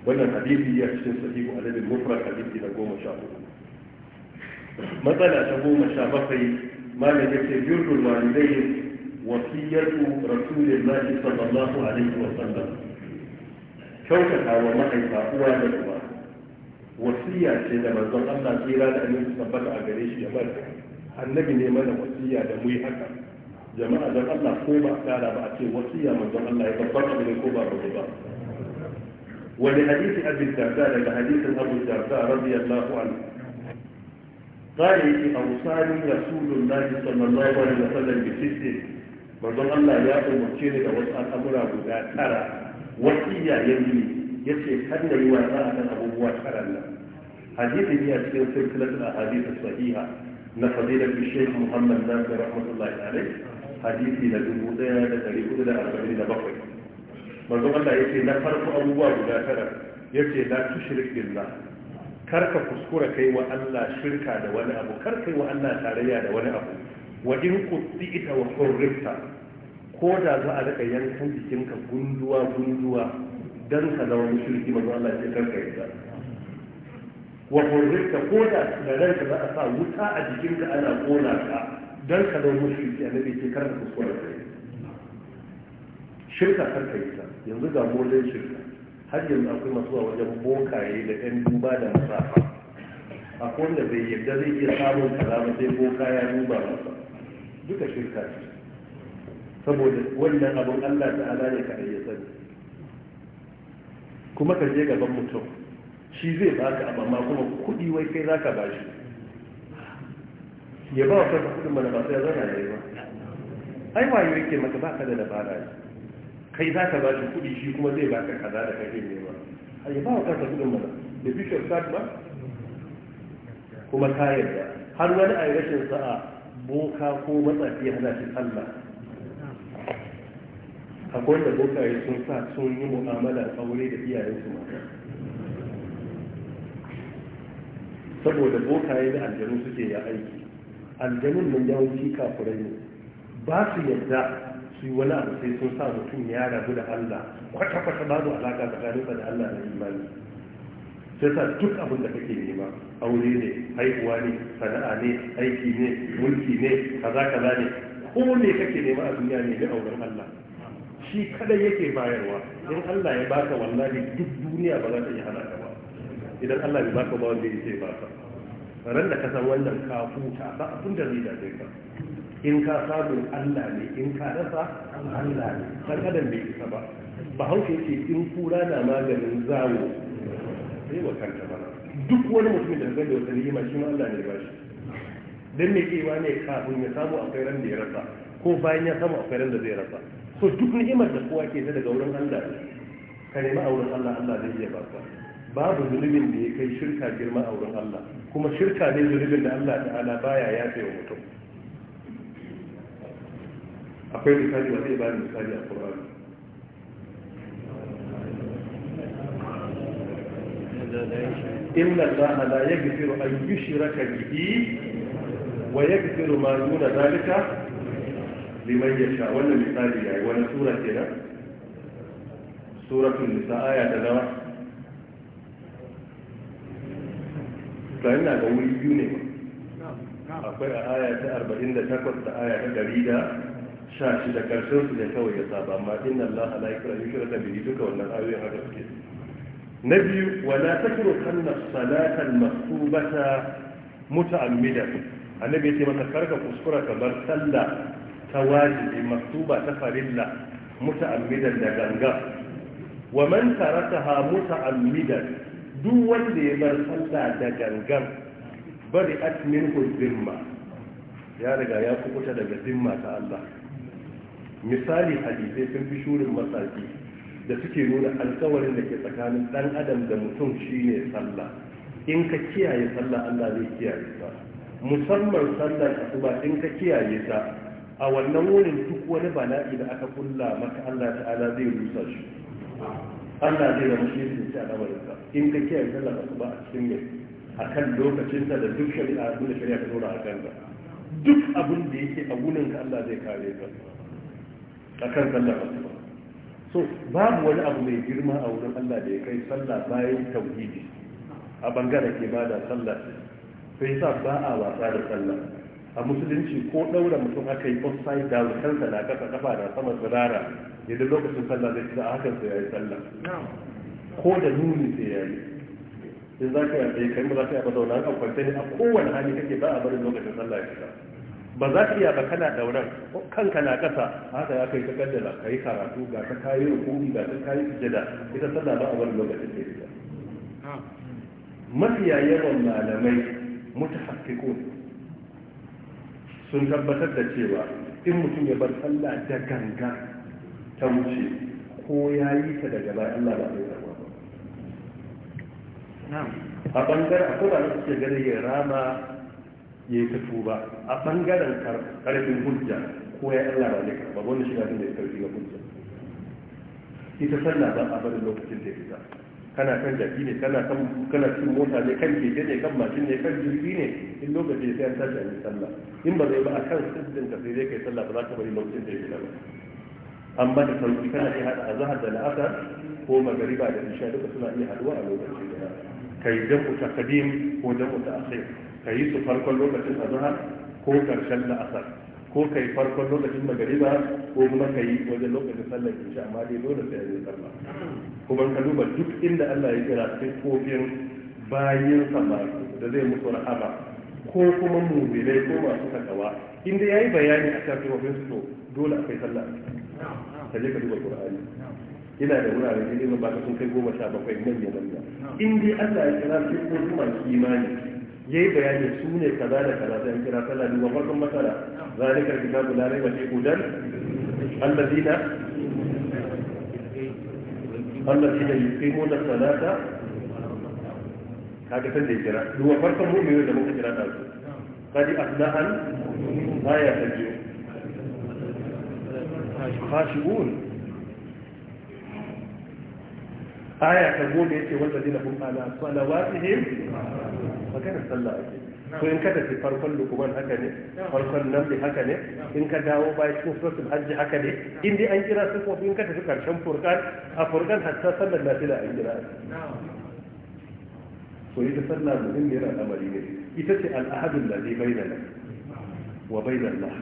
wannan hadisi ya cikin sahihu adabin mufrad hadisi da goma sha hudu. matsala ta goma sha bakwai malam ya ce birrul walidai wasiyatu rasulillahi sallallahu alaihi wa sallam kyautata wa mahaifa uwa da uba wasiya ce da manzon Allah tsira da annabi sabbata a gare shi ya jama'ar annabi ne mana wasiya da mu yi haka jama'a dan Allah ko ba kara ba a ce wasiya manzon Allah ya tabbata ne ko ba ba ولحديث أبي الدرداء لحديث ابي الدرداء رضي الله عنه قال أوصاني رسول الله صلى الله عليه وسلم بسته مرضو الله يا أمتشيني وسأل أمر أبو ترى وحيا يمني يسي كان يواساة أبو واتحرى حديث هي أسكين سلسلة الأحاديث الصحيحة نفضيلة الشيخ محمد ذاك رحمة الله عليه حديثي لدمودة لتريبودة لأربعين بقية manzo Allah yake na farko abubuwa guda tara yake la tushrik billah karka kuskura kai wa Allah shirka da wani abu kar kai wa Allah tarayya da wani abu wa in qutita wa hurrifta ko da za a rika yankan jikinka gunduwa gunduwa dan ka zama mushriki manzo Allah ya karka yadda wa hurrifta ko da da ranka za a sa wuta a jikinka ana kona ka dan ka zama mushriki annabi ke karka kuskura kai shirka karka yi ta yanzu ga molin shirka har yanzu akwai masu a wajen bokaye da yan duba da masafa A kowanne bai yarda zai iya samun kalama sai boka ya duba masa duka shirka ce saboda wannan abin allah ta'ala ne ka ya sani kuma ka je gaban mutum shi zai baka ka amma kuma kuɗi wai kai za ka ba shi ya ba wa kanka kuɗin mana ba sai ya zana ya yi ba ai wayo yake maka ba ka da dabara ne kai za ka ba shi kuɗi shi kuma zai baka kaza da kake nema a yi ba wa kuɗin mana da bishop sat ba kuma ka yarda har wani a rashin sa'a boka ko matsafi hana shi sallah akwai da bokaye sun sa sun yi mu'amala aure da iyayensu mata saboda bokaye da aljanu suke ya aiki aljanun nan yawanci kafurai ne ba su yarda su wani abu sai sun sa mutum ya rabu da Allah kwata-kwata babu alaka tsakaninsa da Allah na imani sai sa duk abin da kake nema aure ne haihuwa ne sana'a ne aiki ne mulki ne kaza kaza ne ko ne kake nema a duniya ne da auren Allah shi kadai yake bayarwa in Allah ya baka wallahi duk duniya ba za ta yi halaka ba idan Allah ya baka ba wanda ba ka ran da ka san wannan ka huta ba abin da zai dace ka in ka samu Allah ne in ka rasa Allah ne dan adam bai isa ba bahaushe ce in kura na maganin zawo sai wa kanta ba duk wani mutum da zai da wata ma shi ma Allah ne ba shi dan me kewa ne kafin ya samu akwai ran da ya rasa ko bayan ya samu akwai ran da zai rasa to duk ni'imar da kowa ke ta daga wurin Allah ne ka nemi a wurin Allah Allah zai iya baka babu zulubin da ya kai shirka girma a wurin Allah kuma shirka ne zulubin da Allah ta'ala baya yafe wa mutum akwai misali wanda ya bani misali a Qur'ani inna allaha la yaghfiru an yushraka bihi wa yaghfiru ma duna zalika liman yasha wannan misali ya yayi wannan sura kenan suratul nisa aya da nawa ta ina ga wuri biyu ne akwai a aya ta 48 da aya ta 100 sha shi da karshen su ne kawai ya saba amma inna allaha la yakra yushraka bihi duka wannan ayoyin haka suke na biyu wala takru kanna salata al-maktubata muta'ammidan annabi ya yace maka karka kuskura kamar sallah ta wajibi maktuba ta farilla muta'ammidan da ganga wa man tarakaha muta'ammidan duk wanda ya bar sallah da gangan bari at minhu zimma ya riga ya kukuta daga zimma ta Allah misali hadisai sun fi shurin masaki da suke nuna alkawarin da ke tsakanin dan adam da mutum shine sallah in ka kiyaye sallah Allah zai kiyaye ta musamman sallar asuba in ka kiyaye ta a wannan wurin duk wani bala'i da aka kulla maka Allah ta'ala zai rusa shi Allah zai zama shi ne ta lamarin ka in ka kiyaye sallar asuba a cikin mai akan lokacin ta da duk shari'a da shari'a ta dora a kanka duk abin da yake a wurin ka Allah zai kare ka tsakar sallar ba so babu wani abu mai girma a wurin Allah da ya kai sallah bayan tauhidi a bangare bangaren da sallah sai sa ba a wasa da sallah a musulunci ko daura mutum aka yi offside da kansa da kasa kafa da sama tsirara idan lokacin sallah zai a hakan sai yayi sallah ko da nuni sai yayi in za ka yi kai ba za ka yi ba zauna a kwance a kowane hali kake ba a barin lokacin sallah ya fita ba za ka iya ba kana dauran kanka na kasa haka ya kai ta ka kai karatu ga ta kayi rukuni ga ta kayi sujada ita sallah ba a wani lokacin da ita mafiya yawan malamai mutahaqqiqun sun tabbatar da cewa in mutum ya bar sallah da ganga ta wuce ko ya yi ta daga gaba, Allah ba zai zama ba a bangar akwai ba suke gare ya rama ya yi ta tuba a ɓangaren ƙarfin hujja ko ya Allah ba zai shiga da ya karfi ga hujja ita sallah ba a bari lokacin da ya fita kana kan jaki ne kana cin mota ne kan keke ne kan mashin ne kan jirgi ne in lokaci sai an tashi an yi sallah in ba zai ba a kan sirrin ka sai dai kai sallah ba za ka bari lokacin da ya fita ba amma da sauki kana iya hada zahar da la'asar ko magariba da isha duka suna iya haɗuwa a lokacin da kai jam'u taqdim ko jam'u ta'khir ka yi su farkon lokacin zuha ko karshen la'asar ko ka yi farkon lokacin magariba ko kuma ka yi wajen lokacin sallar isha amma dai dole sai yi sallah kuma ka duba duk inda Allah ya kira kofin bayin samari da zai musu rahama ko kuma mumilai, ko masu takawa inda ya yi bayani akan siffofin su dole dole akwai sallah ka je ka duba qur'ani ina da wurare da ba ka sun kai goma sha bakwai manya manya in dai Allah ya kira siffofin masu imani yayi bayani su ne kaza da kaza sai kira sallah duba farkon masala zalika kitabu la raiba fi hudan alladina alladina yuqimuna salata kaga san da kira duba farkon mu ne da muka kira da su kadi asdahan la ya tajiu khashibun aya ta goma yace wanda dina hum ala salawatihim magana sallah ake to in ka tafi farkon lukuman haka ne farkon namli haka ne in ka dawo bayan cikin suratul hajji haka ne in dai an kira sufofi in ka tafi karshen furkan a furkan hatta sallar nafila an kira to ita sallah muhimmiyar al'amari ne ita ce al'ahadun da zai bayyana wa bayyana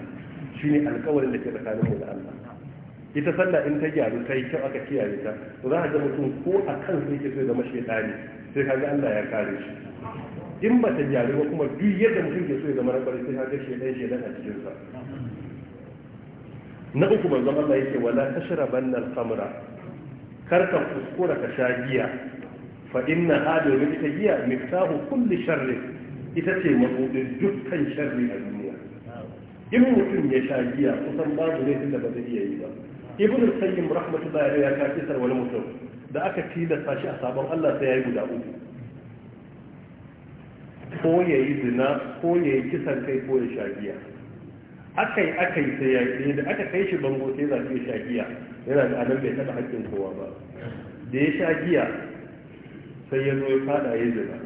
shine alƙawarin da ke tsakaninmu da Allah ita sallah in ta gyaru ta yi kyau aka kiyaye ta to za a ga mutum ko a kan sai ke so zama shaitani sai kaga Allah ya kare shi in ba ta gyaru ba kuma duk yadda mutum ke so ya zama rabbari sai kaga shaitan shaitan a cikin sa na uku manzon Allah yake wala tashrabanna al-khamra kar ka kuskura ka sha giya fa inna hadu bi ta giya miftahu kulli sharri ita ce mabudin dukkan sharri a duniya in mutum ya sha giya kusan babu laifin da ba zai iya yi ba ibn al-qayyim rahmatullahi alayhi ya kace sar wani mutum da aka tilasta shi a sabon Allah sai yayi guda uku ko yayi zina ko yayi kisan kai ko ya shagiya akai akai sai yayi da aka kai shi bango sai zaki ya shagiya yana da anan bai taba hakkin kowa ba da ya shagiya sai ya zo ya fada yayi zina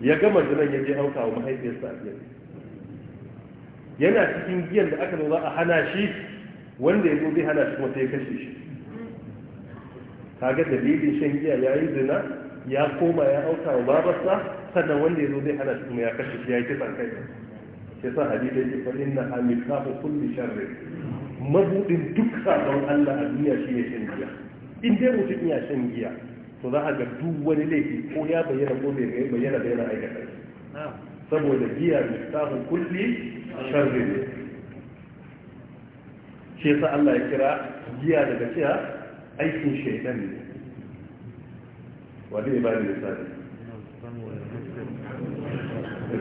ya gama zinan ya je auka wa mahaifiyarsa a yana cikin giyan da aka za a hana shi wanda ya zo zai hana shi kuma sai kashe shi kaga dalilin shan giya ya yi zina ya koma ya auka wa babarsa sannan wanda ya zo zai hana shi kuma ya kashe shi ya yi kisan kai sai sa hadisi ya ce fa inna amikahu kulli sharri mabudin duk sabon Allah a duniya shi ne shan giya in dai mutum ya shan giya to za a ga duk wani laifi ko ya bayyana ko bai bayyana da yana aikata shi saboda giya mistahun kulli sharri shi yasa Allah ya kira giya daga cewa aikin shaidan ne wanda ya ba da misali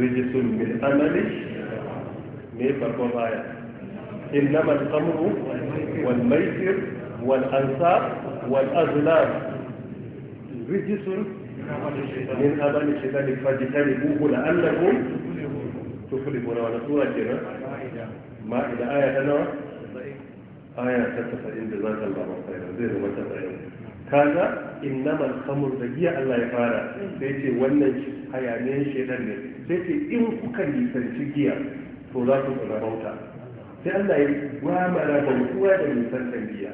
rijisun min amali ne farkon baya maitir, الخمر ansa, والأنصار والأزلام rijisun. min azami shaytani fajtanibuhu la'allakum tuflihuna wa sura kenan ma'ida aya ta nawa aya ta 90 da zaka Allah khairan zai zama ta 90 kaga innamal khamr da giya Allah ya fara sai ce wannan hayaniyan shedan ne sai ce in kuka nisanci giya to za ku tsara bauta sai Allah ya gwamara bautuwa da nisantar giya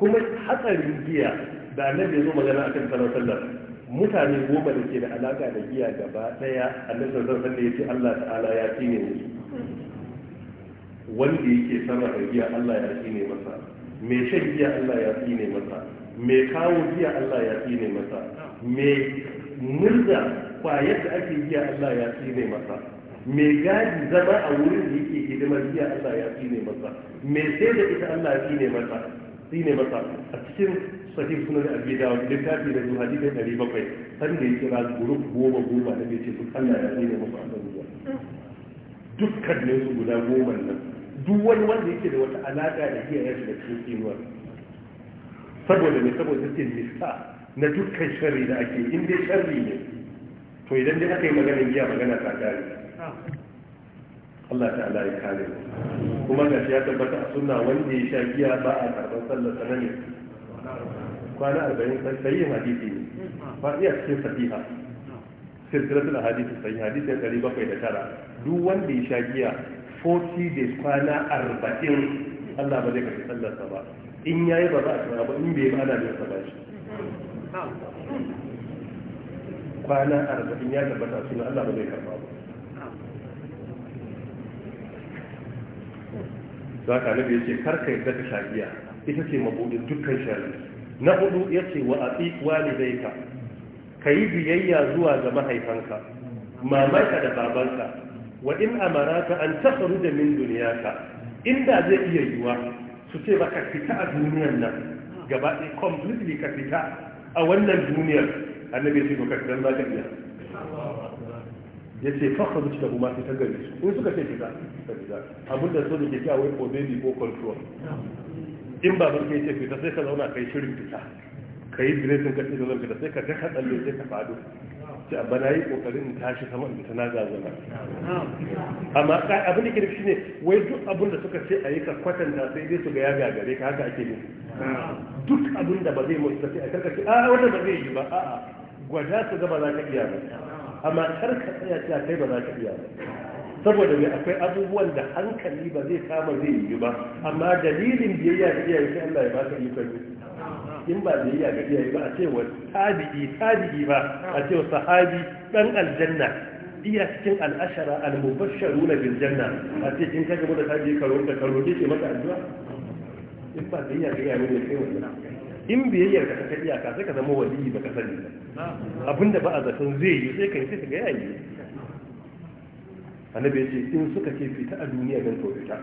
kuma hatsarin giya da annabi ya zo magana akan sallallahu sallar. mutane goma da ke da alaka da giya gaba daya zarfin da ya ce Allah ta'ala ya ne musu wanda yake sama da giya Allah ya ne masa me shan giya Allah ya ne masa me kawo giya Allah ya ne masa me murza kwayar da ake giya Allah ya ne masa me gadi zama a wurin da yake hidimar giya Allah ya ne masa me sai da ita Allah ya ne masa tsine masa a cikin sahih sunan abi dawud littafi da hadisi da dari bakwai san da ya kira guruf goma goma da yake ce su Allah ya yi masa a kan dukkan ne su guda goma nan duk wani wanda yake da wata alaka da iyayen shi da cikin tsinuwar saboda ne saboda ce lista na dukkan sharri da ake in dai sharri ne to idan dai aka yi magana giya magana ta dare Allah ta'ala ya kare kuma ga ya tabbata a sunna wanda ya sha giya ba a karban sallar sa ne kwana arba'in sai hadisi ne ba iya cikin sahiha silsilatul hadisi sai hadisi ɗari bakwai da tara duk wanda ya sha giya 40 days kwana arba'in Allah ba zai karɓi sallar sa ba in yayi ba za a kira ba in bai ba ana bin sa ba shi kwana arba'in ya tabbata suna Allah ba zai karba ba za ka nabi ya ce karka yadda ka shagiya ita ce mabudin dukkan shari'a na hudu ya ce wa aɗi walidai ka ka yi biyayya zuwa ga mahaifanka mamanka da babanka wa in ka an tafaru da min In inda zai iya yiwa su ce ba ka fita a duniyar nan gaba ɗaya completely ka fita a wannan duniyar annabi ya ce ka dan ba ka iya ya ce fasa da kuma ta gari su in suka ce fita ta fita abinda so da ke wai ko baby ko control in ba barka ya ce fita sai ka zauna kai shirin fita ka yi diresin ka ce da fita sai ka ga katsalle sai ka fado ce a bana yi kokarin in tashi sama in fita na zazana amma abin da ke nufi shine wai duk abin da suka ce a yi ka kwatanta sai dai su ga ya gagare ka haka ake ne duk abin da ba zai mutu sai a karkace a wanda ba zai yi ba a'a gwada su gaba za ka iya ba amma kar ka tsaya cewa kai ba za ka iya saboda mai akwai abubuwan da hankali ba zai kama zai yi ba amma dalilin biyayya ga iyaye sai Allah ya baka ikon yi in ba ya ga iyaye ba a ce wa tabi'i tabi'i ba a ce wa sahabi dan aljanna iya cikin al'ashara al-mubashsharuna bil janna a ce kin kaga mu da tabi'i karo da karo dike maka addu'a in ba biyayya ga iyaye ne kai wannan in biyayyar ka ta iyaka sai ka zama waliyi da ka sani abinda ba a zaton zai yi sai ka yi sai ka ga yayi annabi ya ce in suka ce fita a duniya don to fita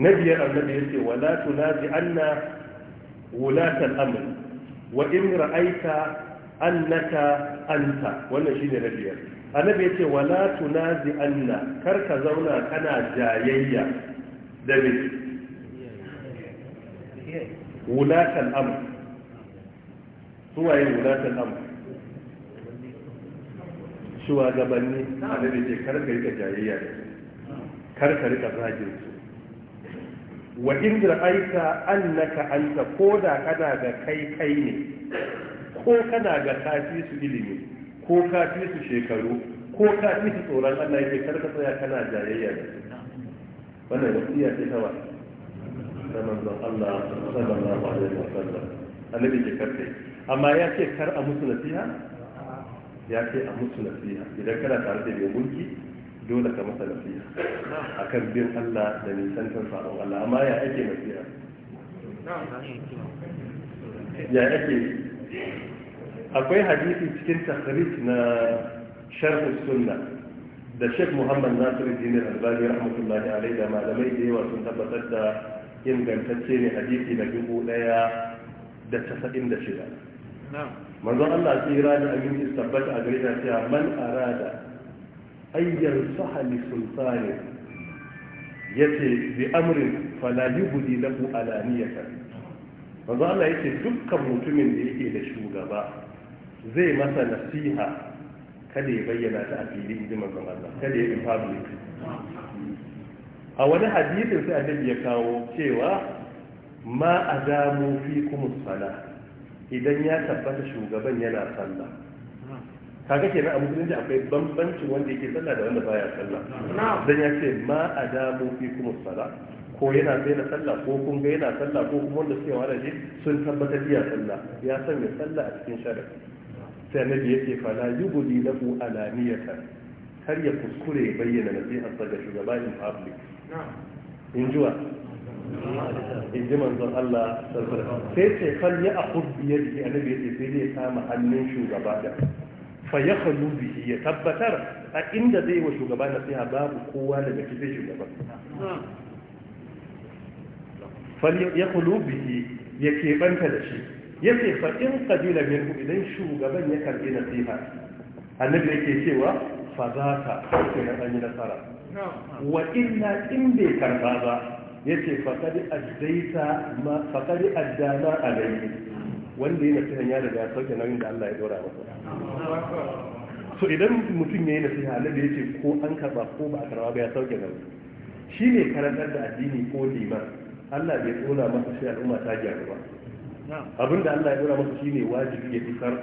na biyar annabi ya ce wala tunazi anna wulatal amr wa in ra'aita annaka anta wannan shine na biyar annabi ya ce wala tunazi anna kar ka zauna kana jayayya da mai wulatan amr suwaye wulatan amr shugabanni a da ke karka rika jayayya da karka rika zagin su wa in ra'aita annaka anta koda kana ga kai kai ne ko kana ga kafi su ilimi ko kafi su shekaru ko kafi su tsoron Allah yake karka tsaya kana jayayya da su wannan wasiya ce ta wasu ta manzon Allah sallallahu alaihi wasallam annabi ke karfe amma ya ce kar a musu nasiha ya ce a musu nasiha idan kana tare da mai mulki dole ka masa nasiha akan bin Allah da nisantar sabon Allah amma ya ake nasiha ya ake akwai hadisi cikin tahrij na sharh sunna da sheikh muhammad nasiru dinin albani rahmatullahi alai da malamai da yawa sun tabbatar da ingantacce ne hadisi na dubu daya da tasa'in da shida manzon Allah tsira da abin tabbata a gare ta cewa man arada ayyar sahali sultani yace bi amrin fala yubdi lahu alaniyata manzon Allah yace dukkan mutumin da yake da shugaba zai masa nasiha kada ya bayyana ta a fili inji manzon Allah kada ya yi public a wani hadisin sai annabi ya kawo cewa ma adamu fi kuma sala idan ya tabbata shugaban yana sallah kaga kenan a musulunci akwai bambancin wanda yake sallah da wanda baya sallah dan ya ce ma adamu fi kuma sala ko yana tsaye sallah ko kun ga yana sallah ko kuma wanda suke wala shi sun tabbatar iya sallah ya sanya sallah a cikin shara. sai annabi yake fala yubdi lahu alaniyatan kar ya kuskure bayyana nasiha ga shugaban public in jiwa in ji manzon Allah sai ce fal ya aqub bi a annabi yace sai ne kama hannun shugaba da fa ya khalu bihi ya tabbatar a inda zai wa shugaba nasiha babu kowa daga cikin shugaba fal ya khalu bihi ya keɓanta da shi ya ce fa in min minhu idan shugaban ya karɓi nasiha annabi yake cewa fa za zaka sai na nasara wa inna in bai karba ba yace faqad addaita ma faqad adda ma alayhi wanda yana tunan ya riga sauke nauyin da Allah ya dora masa so idan mutum yayi nasiha Allah yace ko an karba ko ba a karba ba ya sauke nauyi ne karantar da addini ko liman Allah bai tsora masa shi al'umma ta gyaru ba abinda Allah ya dora masa ne wajibi ya fitar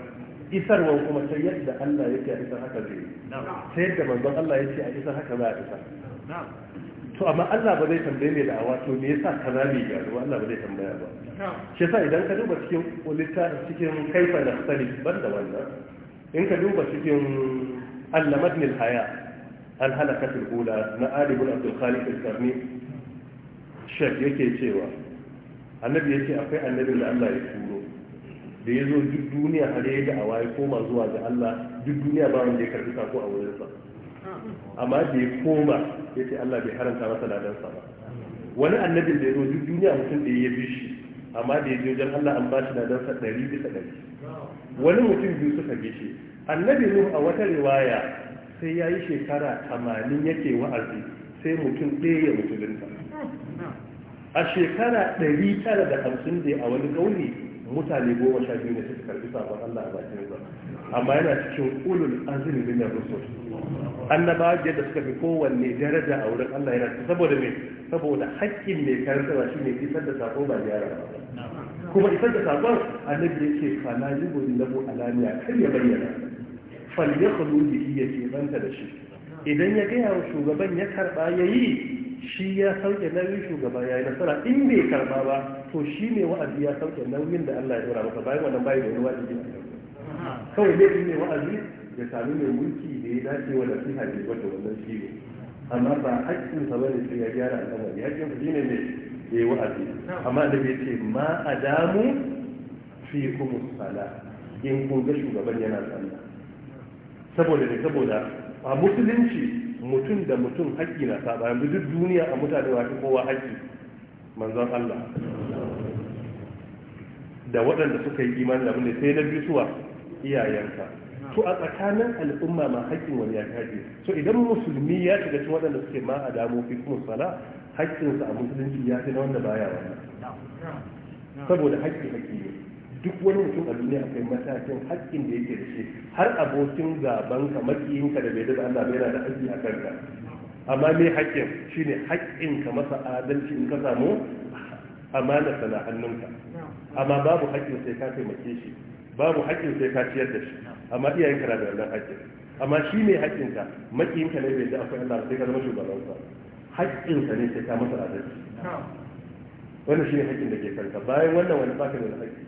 isarwan kuma ta yadda Allah yake a isar haka zai ta yadda manzon Allah yake a isar haka za a isar to amma Allah ba zai tambaye mai da awa to me yasa ka kaza bai gyaru Allah ba zai tambaya ba shi yasa idan ka duba cikin ulita cikin kaifa na sani ban da wannan in ka duba cikin haya an alhaya alhalakatu alula na ali ibn abdul khaliq al-karni shek yake cewa annabi yake akwai annabin da Allah ya turo da ya zo duk duniya har ya da awa ya koma zuwa ga Allah duk duniya ba wanda ya karbi sako a wurinsa amma da ya koma ya ce Allah bai haranta masa ladansa ba wani annabin da ya zo duk duniya mutum da ya bi shi amma da ya je wajen Allah an ba shi ladansa ɗari bisa ɗari wani mutum biyu suka bi shi annabi nuhu a wata riwaya sai ya yi shekara tamanin yake wa'azi sai mutum ɗaya ya mutu a shekara ɗari tara da hamsin a wani ƙauni mutane goma sha biyu ne suka karbi sabon Allah a bakin sa amma yana cikin ulul azmi min ar-rusul annaba da suka fi kowanne daraja a wurin Allah yana saboda me saboda haƙƙin mai karantarwa shine isar da sako ba yara ba kuma isar da sabon annabi yake fala yubu lahu alaniya kar ya bayyana fal yakhlu bihi yake da shi idan ya gaya wa shugaban ya karba yayi shi ya sauke nauyin shugaba ya yi nasara in bai karba ba to shi ne wa'azi ya sauke nauyin da Allah ya dora masa bayan wannan bayan wani wajibi kawai ne ne wa'azi ya sami mai mulki da ya dace wa nasiha ne wanda wannan shi ne amma ba haƙƙin sa bane sai ya gyara al'amari haƙƙin sa shine ne ya yi wa'azi amma da bai ce ma adamu fi kuma sala in kun ga shugaban yana sallah saboda ne saboda a musulunci mutum da mutum haƙƙi na saba yanzu duk duniya a mutane wa kowa haƙƙi manzon Allah da waɗanda suka yi imani da abin sai na biyu suwa iyayenka to a tsakanin al'umma ma haƙƙin wani ya kaje so idan musulmi ya shiga cikin waɗanda suke ma a damu fi kuma sala haƙƙinsa a musulunci ya fi na wanda baya wannan saboda haƙƙi haƙƙi ne duk wani mutum a duniya akwai matakin haƙƙin da yake da shi har abokin gaban ka makiyinka da bai da Allah bai da haƙƙi a kanka amma mai haƙƙin shine ne ka masa adalci in ka samu amana sana hannunka amma babu haƙƙin sai ka taimake shi babu haƙƙin sai ka ciyar da shi amma iyayen ka na da wannan haƙƙin amma shi ne haƙƙinka ka ne bai da akwai Allah sai ka zama shugaban sa haƙƙinka ka ne sai ka masa adalci wannan shine haƙƙin da ke kanka bayan wannan wani baka da haƙƙi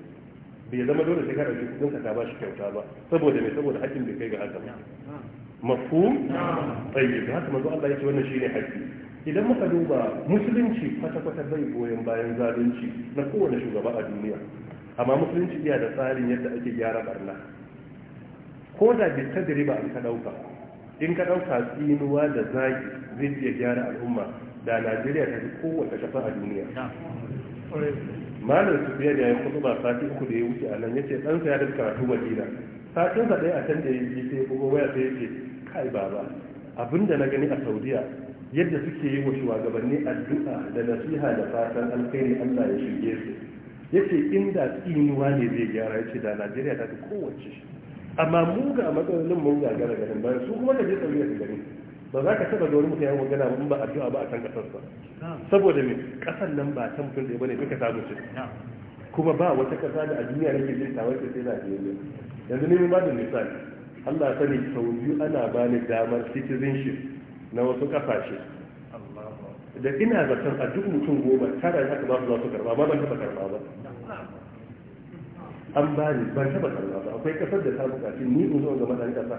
bai zama dole sai ka ɗauki kuɗinka ka ba shi kyauta ba saboda mai saboda haƙƙin bai kai ga haka ba mafhum tayyib haka manzo Allah yake wannan shine haƙƙi idan muka duba musulunci kwata-kwata zai goyon bayan zalunci na kowane shugaba a duniya amma musulunci iya da tsarin yadda ake gyara barna ko da bittadiri ba an ka ɗauka in ka ɗauka tsinuwa da zagi zai iya gyara al'umma da najeriya ta fi kowace ƙasa a duniya malam su fiye da ya kudu ba sati uku da ya wuce a nan ya ce ɗansa ya da karatu madina satinsa ɗaya a can da ya yi sai kuma waya sai ya ce kai baba abinda na gani a saudiya yadda suke yi wa shugabanni addu'a da nasiha da fatan alkhairi allah ya shige su yace inda tsinuwa ne zai gyara yace da najeriya ta fi kowace amma mu ga matsalolin mu ga gara garin bayan su kuma da je saudiya su gani ba za ka taba ga wani mutane magana mun ba addu'a ba a kan kasar ba saboda me kasar nan ba ta mutum da bane duka samu shi kuma ba wata kasa da a duniya nake jin tawai sai Najeriya yanzu ne mun ba da misali Allah sani sau biyu ana bani damar citizenship na wasu kasashe da ina zaton a duk mutum goma tara ya haka ba su za su karba ba ban taɓa karba ba an ba ni ban taɓa karba ba akwai kasar da ta buƙaci ni in zo ga madan kasa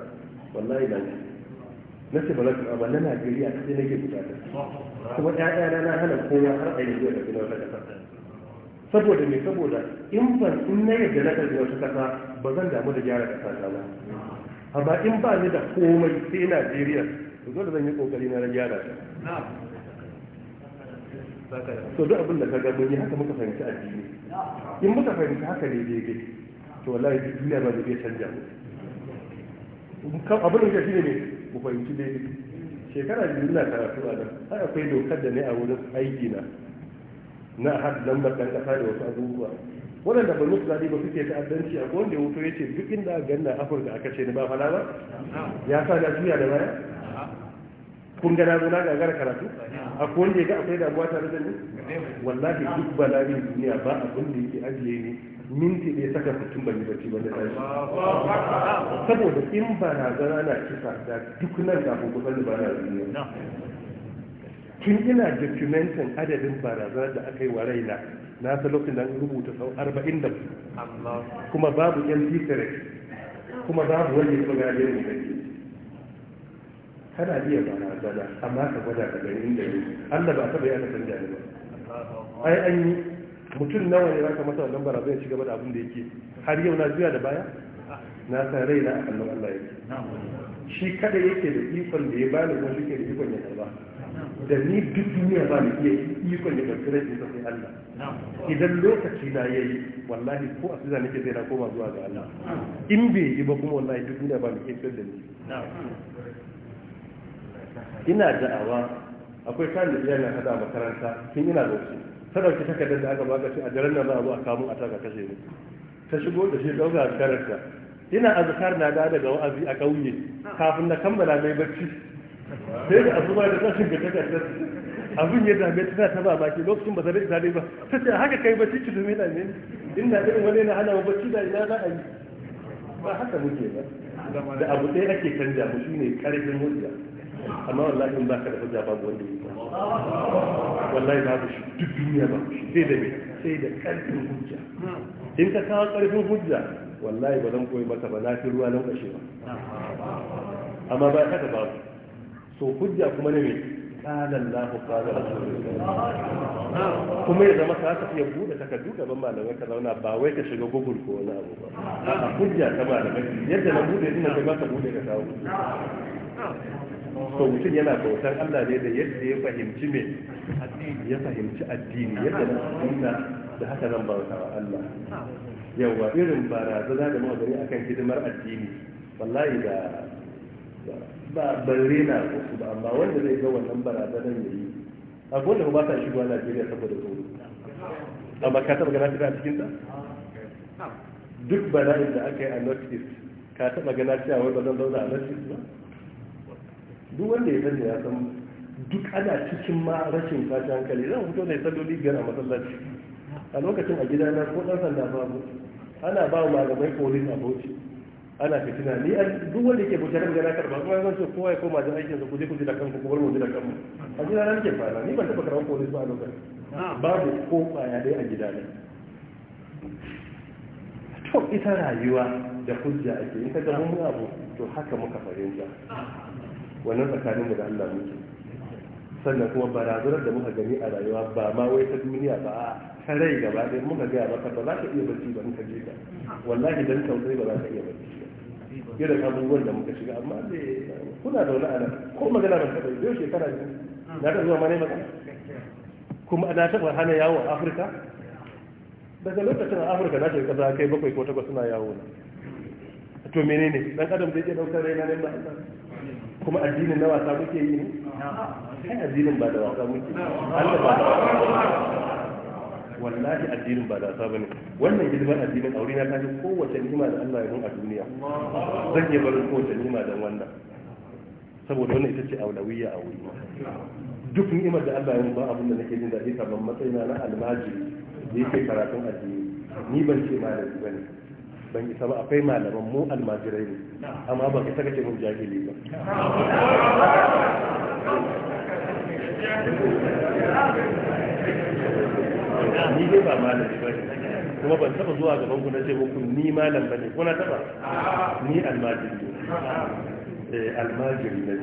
wallahi na na ce ba za su ba na Najeriya kaɗai nake buƙata kuma ƴaƴana na hana kowa har a zuwa da gina wata kasa saboda me saboda in ban in na yadda na karɓi wata ƙasa ba zan damu da gyara kasa ta ba amma in ba ni da komai sai najeriya to dole zan yi kokari na rage ta to duk abin da ka ga mun yi haka muka fahimci addini in muka fahimci haka ne dai to wallahi duniya ba zai canja mu abin da shine ne mu fahimci dai shekara biyu na karatu a nan har akwai dokar da ne a wurin aiki na na har lambar ɗan ƙasa da wasu abubuwa waɗanda ba musu zaɗi ba suke ta'addanci a wanda ya wuto ya ce duk inda a ganna afirka aka ce ni ba fala ba ya sa da juya da baya kun gana ga na gagara karatu a wanda ya ga akwai damuwa tare da ni wallahi duk bala'in duniya ba abin da yake ajiye ni minti ɗaya saka fitin ban yi bacci ba na tashi saboda in barazana na kisa da duk nan kafin kusan da ba na duniya tun ina documentin adadin barazanar da aka yi wa raina na ta lokacin da rubuta sau 40 da kuma babu yan secret kuma babu wani ya tsoga ne kana iya barazana amma ka gwada ka gani inda ne Allah ba ta bayyana san ne ba ai an yi mutum nawa ne raka masa wannan barazanar ya ci gaba da abin da yake har yau na juya da baya na san raina a kallon Allah yake shi kada yake da ikon da ya bani kuma shi ke da ikon ya karba da ni duk duniya ba ni iya ikon da ɗauki rashin sa sai Allah idan lokaci na yayi wallahi ko a siza nake zai na koma zuwa ga Allah in bai yi ba kuma wallahi duk duniya ba ni iya da ni ina da'awa akwai kan da iyalin hada a makaranta tun ina lokaci ta dauki takardar da aka baka ce a daren nan za a zo a kamo a taka kashe ni ta shigo da shi ɗauka a karanta ina azkar na da daga wa'azi a kauye kafin na kammala mai bacci sai da azuma da tashin ga takardar abin ya dame ta ta ba baki lokacin ba zai isa dai ba ta ce haka kai bacci ki zume da ne ina irin wani na hana bacci da ina za a yi ba haka muke ba da abu ɗaya ake canja mu shine karfin hujja amma wallahi in ba ka da hujja babu wanda ya wallahi babu shi duk duniya ba sai da me sai da karfin hujja in ka kawo karfin hujja wallahi ba zan koyi maka ba na fi ruwa nan kashe ba amma ba ka da babu to hujja kuma ne mai qala Allah kuma ya zama ka tafiya bude takardu gaban malamai ka zauna ba wai ka shiga google ko wani abu ba a hujja ta malamai yadda na bude ina ga ka bude ka kawo So mutum yana bautar Allah ne da yadda ya fahimci me ya fahimci addini yadda na fahimta da haka zan bauta wa Allah yawa irin barazana da magani akan hidimar addini wallahi da ba bare na uku ba amma wanda zai ga wannan barazanar yayi a gode ba ta shigowa Najeriya saboda tsoro amma ka taba gana cewa cikin ta duk bala'in da aka yi a North ka taba gana cewa wai ba zan zauna a North ba duk wanda ya sani ya san duk ana cikin ma rashin kwaci hankali zan fito ne salloli biyar a masallaci a lokacin a gidana ko dan sanda babu ana ba wa malamai police a bauchi ana fitina ni an duk wanda yake bauta da na karba kuma zan kowa ya koma da aikin sa kuje kuje da kanku kuma bar mu da kanmu a gida na ke fara ni ban taba karban kore su a lokacin babu ko kwaya dai a gida ne to ita rayuwa da hujja ake in ka ga mun abu to haka muka fahimta wannan tsakaninmu da Allah muke sannan kuma barazanar da muka gani a rayuwa ba ma wai ta duniya ba a ta gaba ɗaya muka gaya maka ba za ka iya barci ba in ka je ka wallahi dan tausayi ba za ka iya barci ba da abubuwan da muka shiga amma dai kuna da wani ana ko magana ban taɓa yau shekara ne na taɓa zuwa mana magana kuma na taɓa hana yawo a afirka daga lokacin a afirka na shiga ta kai bakwai ko takwas suna yawo na to ne dan adam zai ke ɗaukar raina ne ba kuma addinin na wasa muke yi ne addinin ba da wasa muke Allah ba wallahi addinin ba gasa bane wannan hidimar addinin aure na ta kowace nima da Allah ya yi a duniya zan iya barin kowace nima dan wannan saboda wannan ita ce aulawiyya a wuri duk ni'imar da Allah ya yi ba abin da nake jin daɗi kamar matsayina na almaji da yake karatun addini ni ban ce malami bane ban isa ba akwai malaman mu almajirai ne amma ba ka saka ce mun jahili ba ni dai ba malami ba ne kuma ban taba zuwa gaban ku na ce muku ni malam ba ne kuna taba ni almajiri ne eh, almajiri ne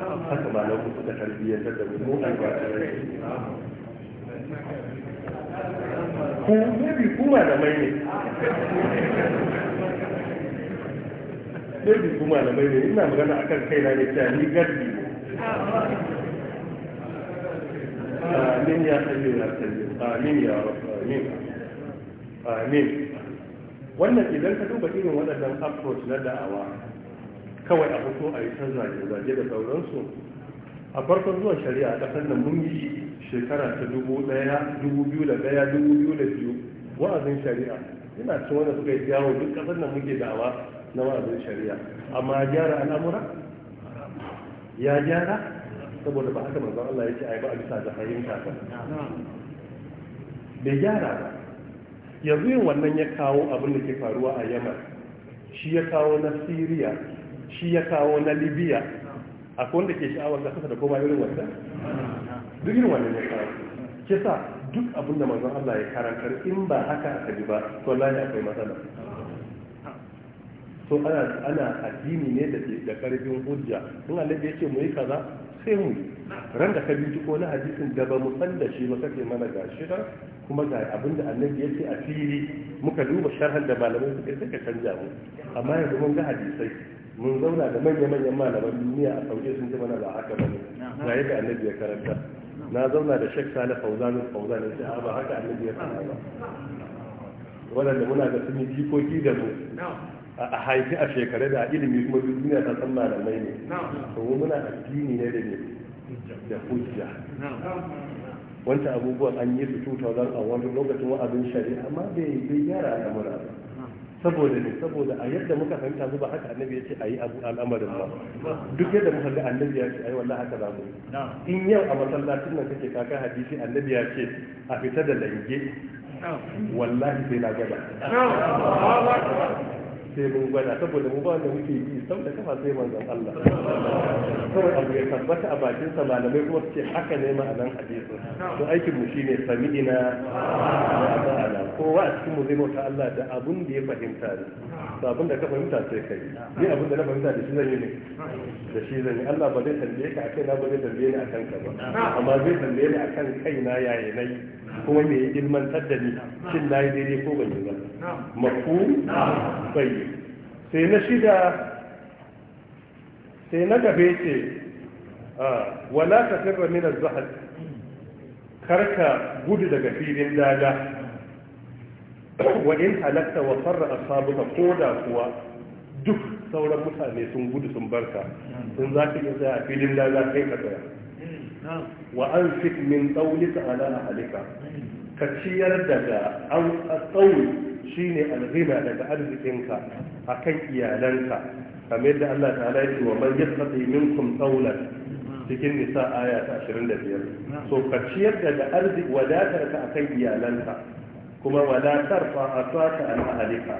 haka malam ku suka tarbiyyar da mu almajiri ku ne bi kuma da malamai ne ne bi kuma da malamai ne ina magana akan kaina ne cewa ni garbi ne ah, min ya tsaye na tsaye amin ya amin amin wannan idan ka duba irin waɗannan approach na da'awa kawai a hoto a yi canza zage-zage da sauransu a farkon zuwan shari'a ta sannan mun yi shekara ta dubu ɗaya dubu biyu da ɗaya dubu biyu da biyu wa'azin shari'a ina cin wanda suka yi jawo duk ƙasar da muke da'awa na wa'azin shari'a amma ya gyara al'amura ya gyara saboda ba haka manzon Allah ya ce a yi ba a bisa da fahimta ba bai gyara ba yanzu yin wannan ya kawo abin da ke faruwa a yamma shi ya kawo na syria shi ya kawo na libya a wanda ke sha'awar da kasa da koma irin wannan duk irin wannan ya kawo kisa duk abin da manzon Allah ya karantar in ba haka aka ji ba to wallahi akwai matsala so ana ana addini ne da da karfin hujja in Allah ya ce mu yi kaza sai mu ran da ka bi ko na hadisin da ba mu san da shi ba ke mana ga shi da kuma ga abin da annabi ya ce a fili muka duba sharhan da malamai suka suka canja mu amma yanzu mun ga hadisai mun zauna da manya-manyan malaman duniya a sauke sun ce mana ba haka ba ne ga yadda annabi ya karanta na zauna da shek sale fauzanin fauzanin sai ah, ba haka annabi ya karanta ba waɗanda muna da sun yi jikoki da mu a haifi a shekaru, da ilimi kuma duniya ta san mai ne to muna addini ne da ne da hujja wancan abubuwan an yi su 2000 a wani lokacin abin shari'a amma bai bai gyara da mura saboda ne saboda a yadda muka fahimta zuba haka annabi ya ce a yi abu al'amarin ba duk yadda muka ga annabi ya ce a yi wallah haka za mu in yau a masallacin nan kake kaka hadisi annabi ya ce a fita da lange wallahi sai na gaba sai mun gwada saboda mu ba da muke yi sau da kafa sai manzon Allah kawai abu ya tabbata a bakin sa malamai kuma suke haka ne ma'anan hadisi to aikin mu shine sami'ina wa ta'ala kowa a cikin mu zai bauta Allah da abun da ya fahimta ne to abin da ka fahimta sai kai ni abin da na fahimta da shi zan yi ne da shi zan yi Allah ba zai tambaye ka akai na ba zai tambaye ni akan ka ba amma zai tambaye ni akan kai na yaya nai. kuma me ilmantar da ni shin nayi daidai ko ban yi ba mafu bai sai na shida sai na gabe ce ah, wala ka sirra min az-zahd karka gudu daga filin daga wa in halakta wa farra ko koda kuwa duk sauran mutane sun gudu sun barka sun za ka iya tsaya a filin da kai ka tsaya wa an fit min tsaunika ala halika. ka ciyar daga an shi ne alghina daga arzikinka akan iyalanka kamar da Allah ta'ala yake wa man min minkum tsaulan cikin nisa aya ta 25 so ka ciyar daga arziki wadatarka akan iyalanka kuma wala tarfa asaka an ahlika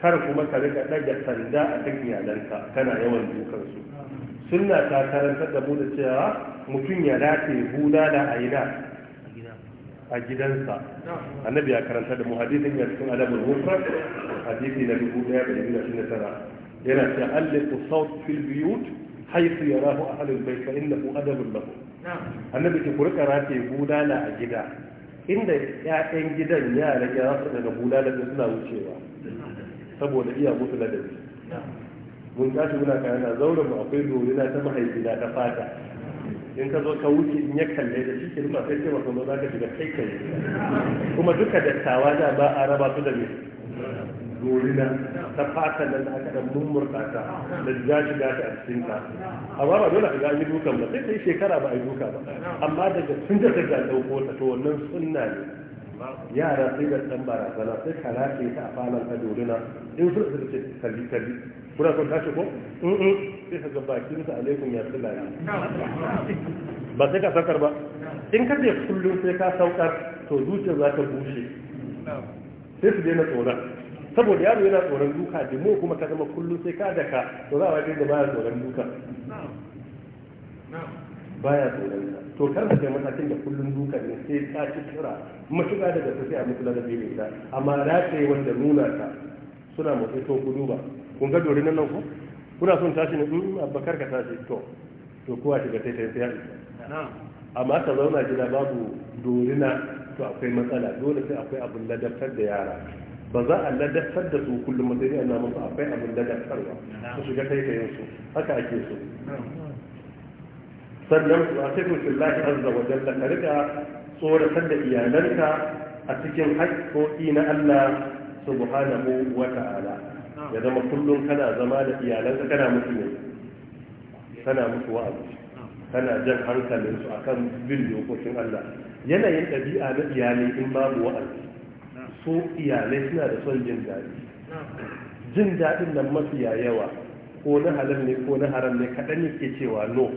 kar kuma ka rika daga sanda a kan iyalanka kana yawan dukan su sunna ta karantar da mu da cewa mutum ya dace bulala a ina a gidansa annabi ya karanta da mu hadisin ya cikin adabul mufrad hadisi na dubu daya da dubu da tara yana cewa alliqu sawt fil biyut haythu yarahu ahlul bayt fa innahu adabul lahu annabi ki kurka rate gudana a gida inda ‘ya'yan gidan yara ya rasu daga bula da suna wucewa saboda iya musu ladabi mun tashi muna kayana zauren mu akwai dorina ta mahaifina ta fata in ka zo ka wuce in ya kalle da shi ke rufa sai ce za ka shiga kai kai kuma duka dattawa da ba a raba su da me gorina ta fata nan da aka dan mummurta ta da ja shiga ta a cikin ta amma ba dole ga yi dukan ba sai sai shekara ba a yi duka ba amma daga sun da ta ga dauko ta to wannan sunna ne yara sai da dan barazana sai kara ce ta a falon ta gorina in sun su ce kalli kalli kuna son tashi ko sai ka ga bakin sa alaikum ya tsila ba sai ka sakar ba in ka je kullum sai ka saukar to zuciya za ta bushe sai su daina tsoron saboda yaro yana tsoron duka da mu kuma ka zama kullum sai ka daka to za a wajen da baya tsoron duka baya tsoron duka to kar ka kai matakin da kullum duka ne sai ka ci tura mashiga daga sai a mutu da ne ta amma rafe wanda nuna ka suna motsi to ku duba kun ga dori nan nan ku kuna son tashi ne in mm, abbakar ka tashi to to kowa shiga sai ta yi amma ta zauna gida babu dorina to akwai matsala dole sai akwai abin ladabtar da yara ba za a ladafar da su kullum matsayi ana musu akwai abin ladafarwa su shiga taitayen su haka ake so sannan su a cikin fillahi azza wa jalla ka rika tsoratar da iyalanka a cikin haƙƙoƙi na Allah subhanahu wa ta'ala ya zama kullum kana zama da iyalanka kana musu ne kana musu wa'azi kana jan hankalinsu akan bin dokokin Allah yanayin ɗabi'a na iyalai in babu wa'azi su iyalai suna da son jin daɗi jin daɗin nan mafiya yawa ko na halal ne ko na haram ne kaɗan ke cewa no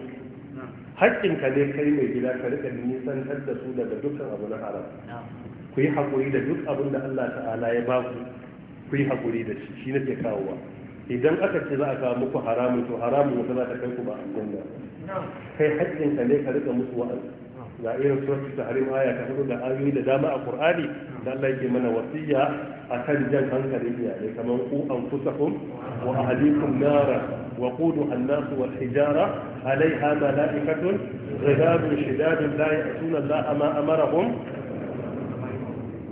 haƙƙinka ne kai mai gida ka riƙa nisantar da su daga dukkan abu na haram ku yi haƙuri da duk abin da Allah ta'ala ya ba ku ku yi haƙuri da shi shi nake kawowa idan aka ce za a kawo muku haramun to haramun wata za ta kai ku ba a aljanna kai haƙƙinka ne ka riƙa musu wa'azi ga irin suratul tahrim aya ta hudu da ayoyi da dama a qur'ani da Allah yake mana wasiya akan jan hankalin iyalai kamar ku anfusakum wa ahlikum nara وقودها الناس والحجارة عليها ملائكة غلاب شداد لا يأتون الله ما أمرهم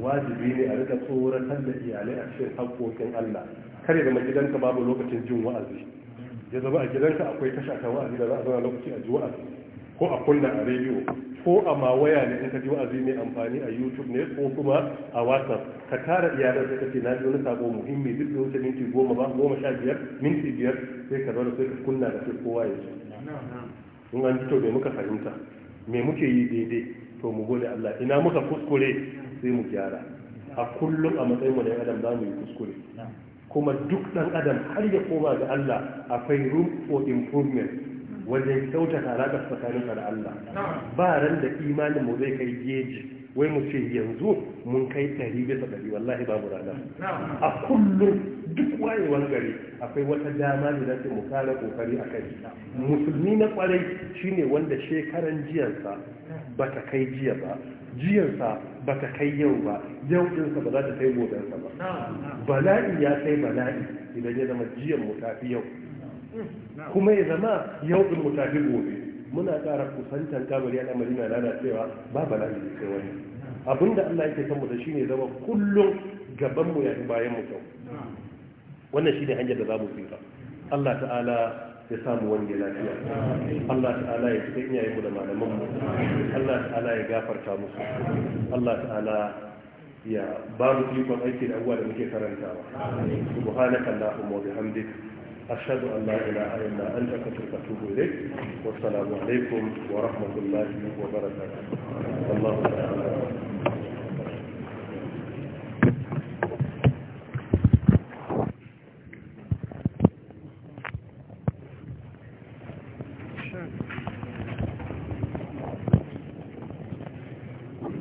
wajibi ne a rika tsoratar da iyalai a cikin haƙƙoƙin Allah kare da gidanka babu lokacin jin wa'azi ya zama a gidanka akwai tasha ta wa'azi da za a zauna lokaci a ji wa'azi ko a kunna a rediyo ko a ma waya ne in ka ji wa'azi mai amfani a youtube ne ko kuma a whatsapp ka tara iyalan da kace na ji wani sako muhimmi duk da wuce minti goma ba goma sha biyar minti biyar sai ka zauna sai ka kunna da sai kowa ya ji in an ji to me muka fahimta me muke yi daidai to mu gode Allah ina muka kuskure sai mu gyara a kullum a matsayin mu adam za mu yi kuskure kuma duk dan adam har ya koma ga Allah akwai room for improvement wajen kyautata alaƙa tsakaninka da Allah ba ran da imanin mu zai kai geji wai mu ce yanzu mun kai ɗari bisa ɗari wallahi babu rana a kullum duk wayewar gari akwai wata dama da zace mu kare kokari a kai musulmi na kwarai shine wanda shekaran jiyarsa ta kai jiya ba jiyarsa ta kai yau ba yau ɗinsa ba za ta kai gobensa ba bala'i ya kai bala'i idan ya zama jiyan mu fi yau kuma ya zama yau ɗin mutafi gobe muna ƙara kusantan kabari a na lalacewa ba ba ne sai wani abinda Allah yake san mu da shine zama kullum gaban mu ya fi bayan mu kyau wannan shine hanyar da za mu tsira Allah ta'ala ya samu wanda lafiya Allah ta'ala ya fi iyayen mu da malaman mu Allah ta'ala ya gafarta musu Allah ta'ala ya ba mu ikon aiki da abuwa da muke karantawa subhanaka wa bihamdika أشهد أن لا إله إلا أنت كتبت أتوب إليك والسلام عليكم ورحمة الله وبركاته الله تعالى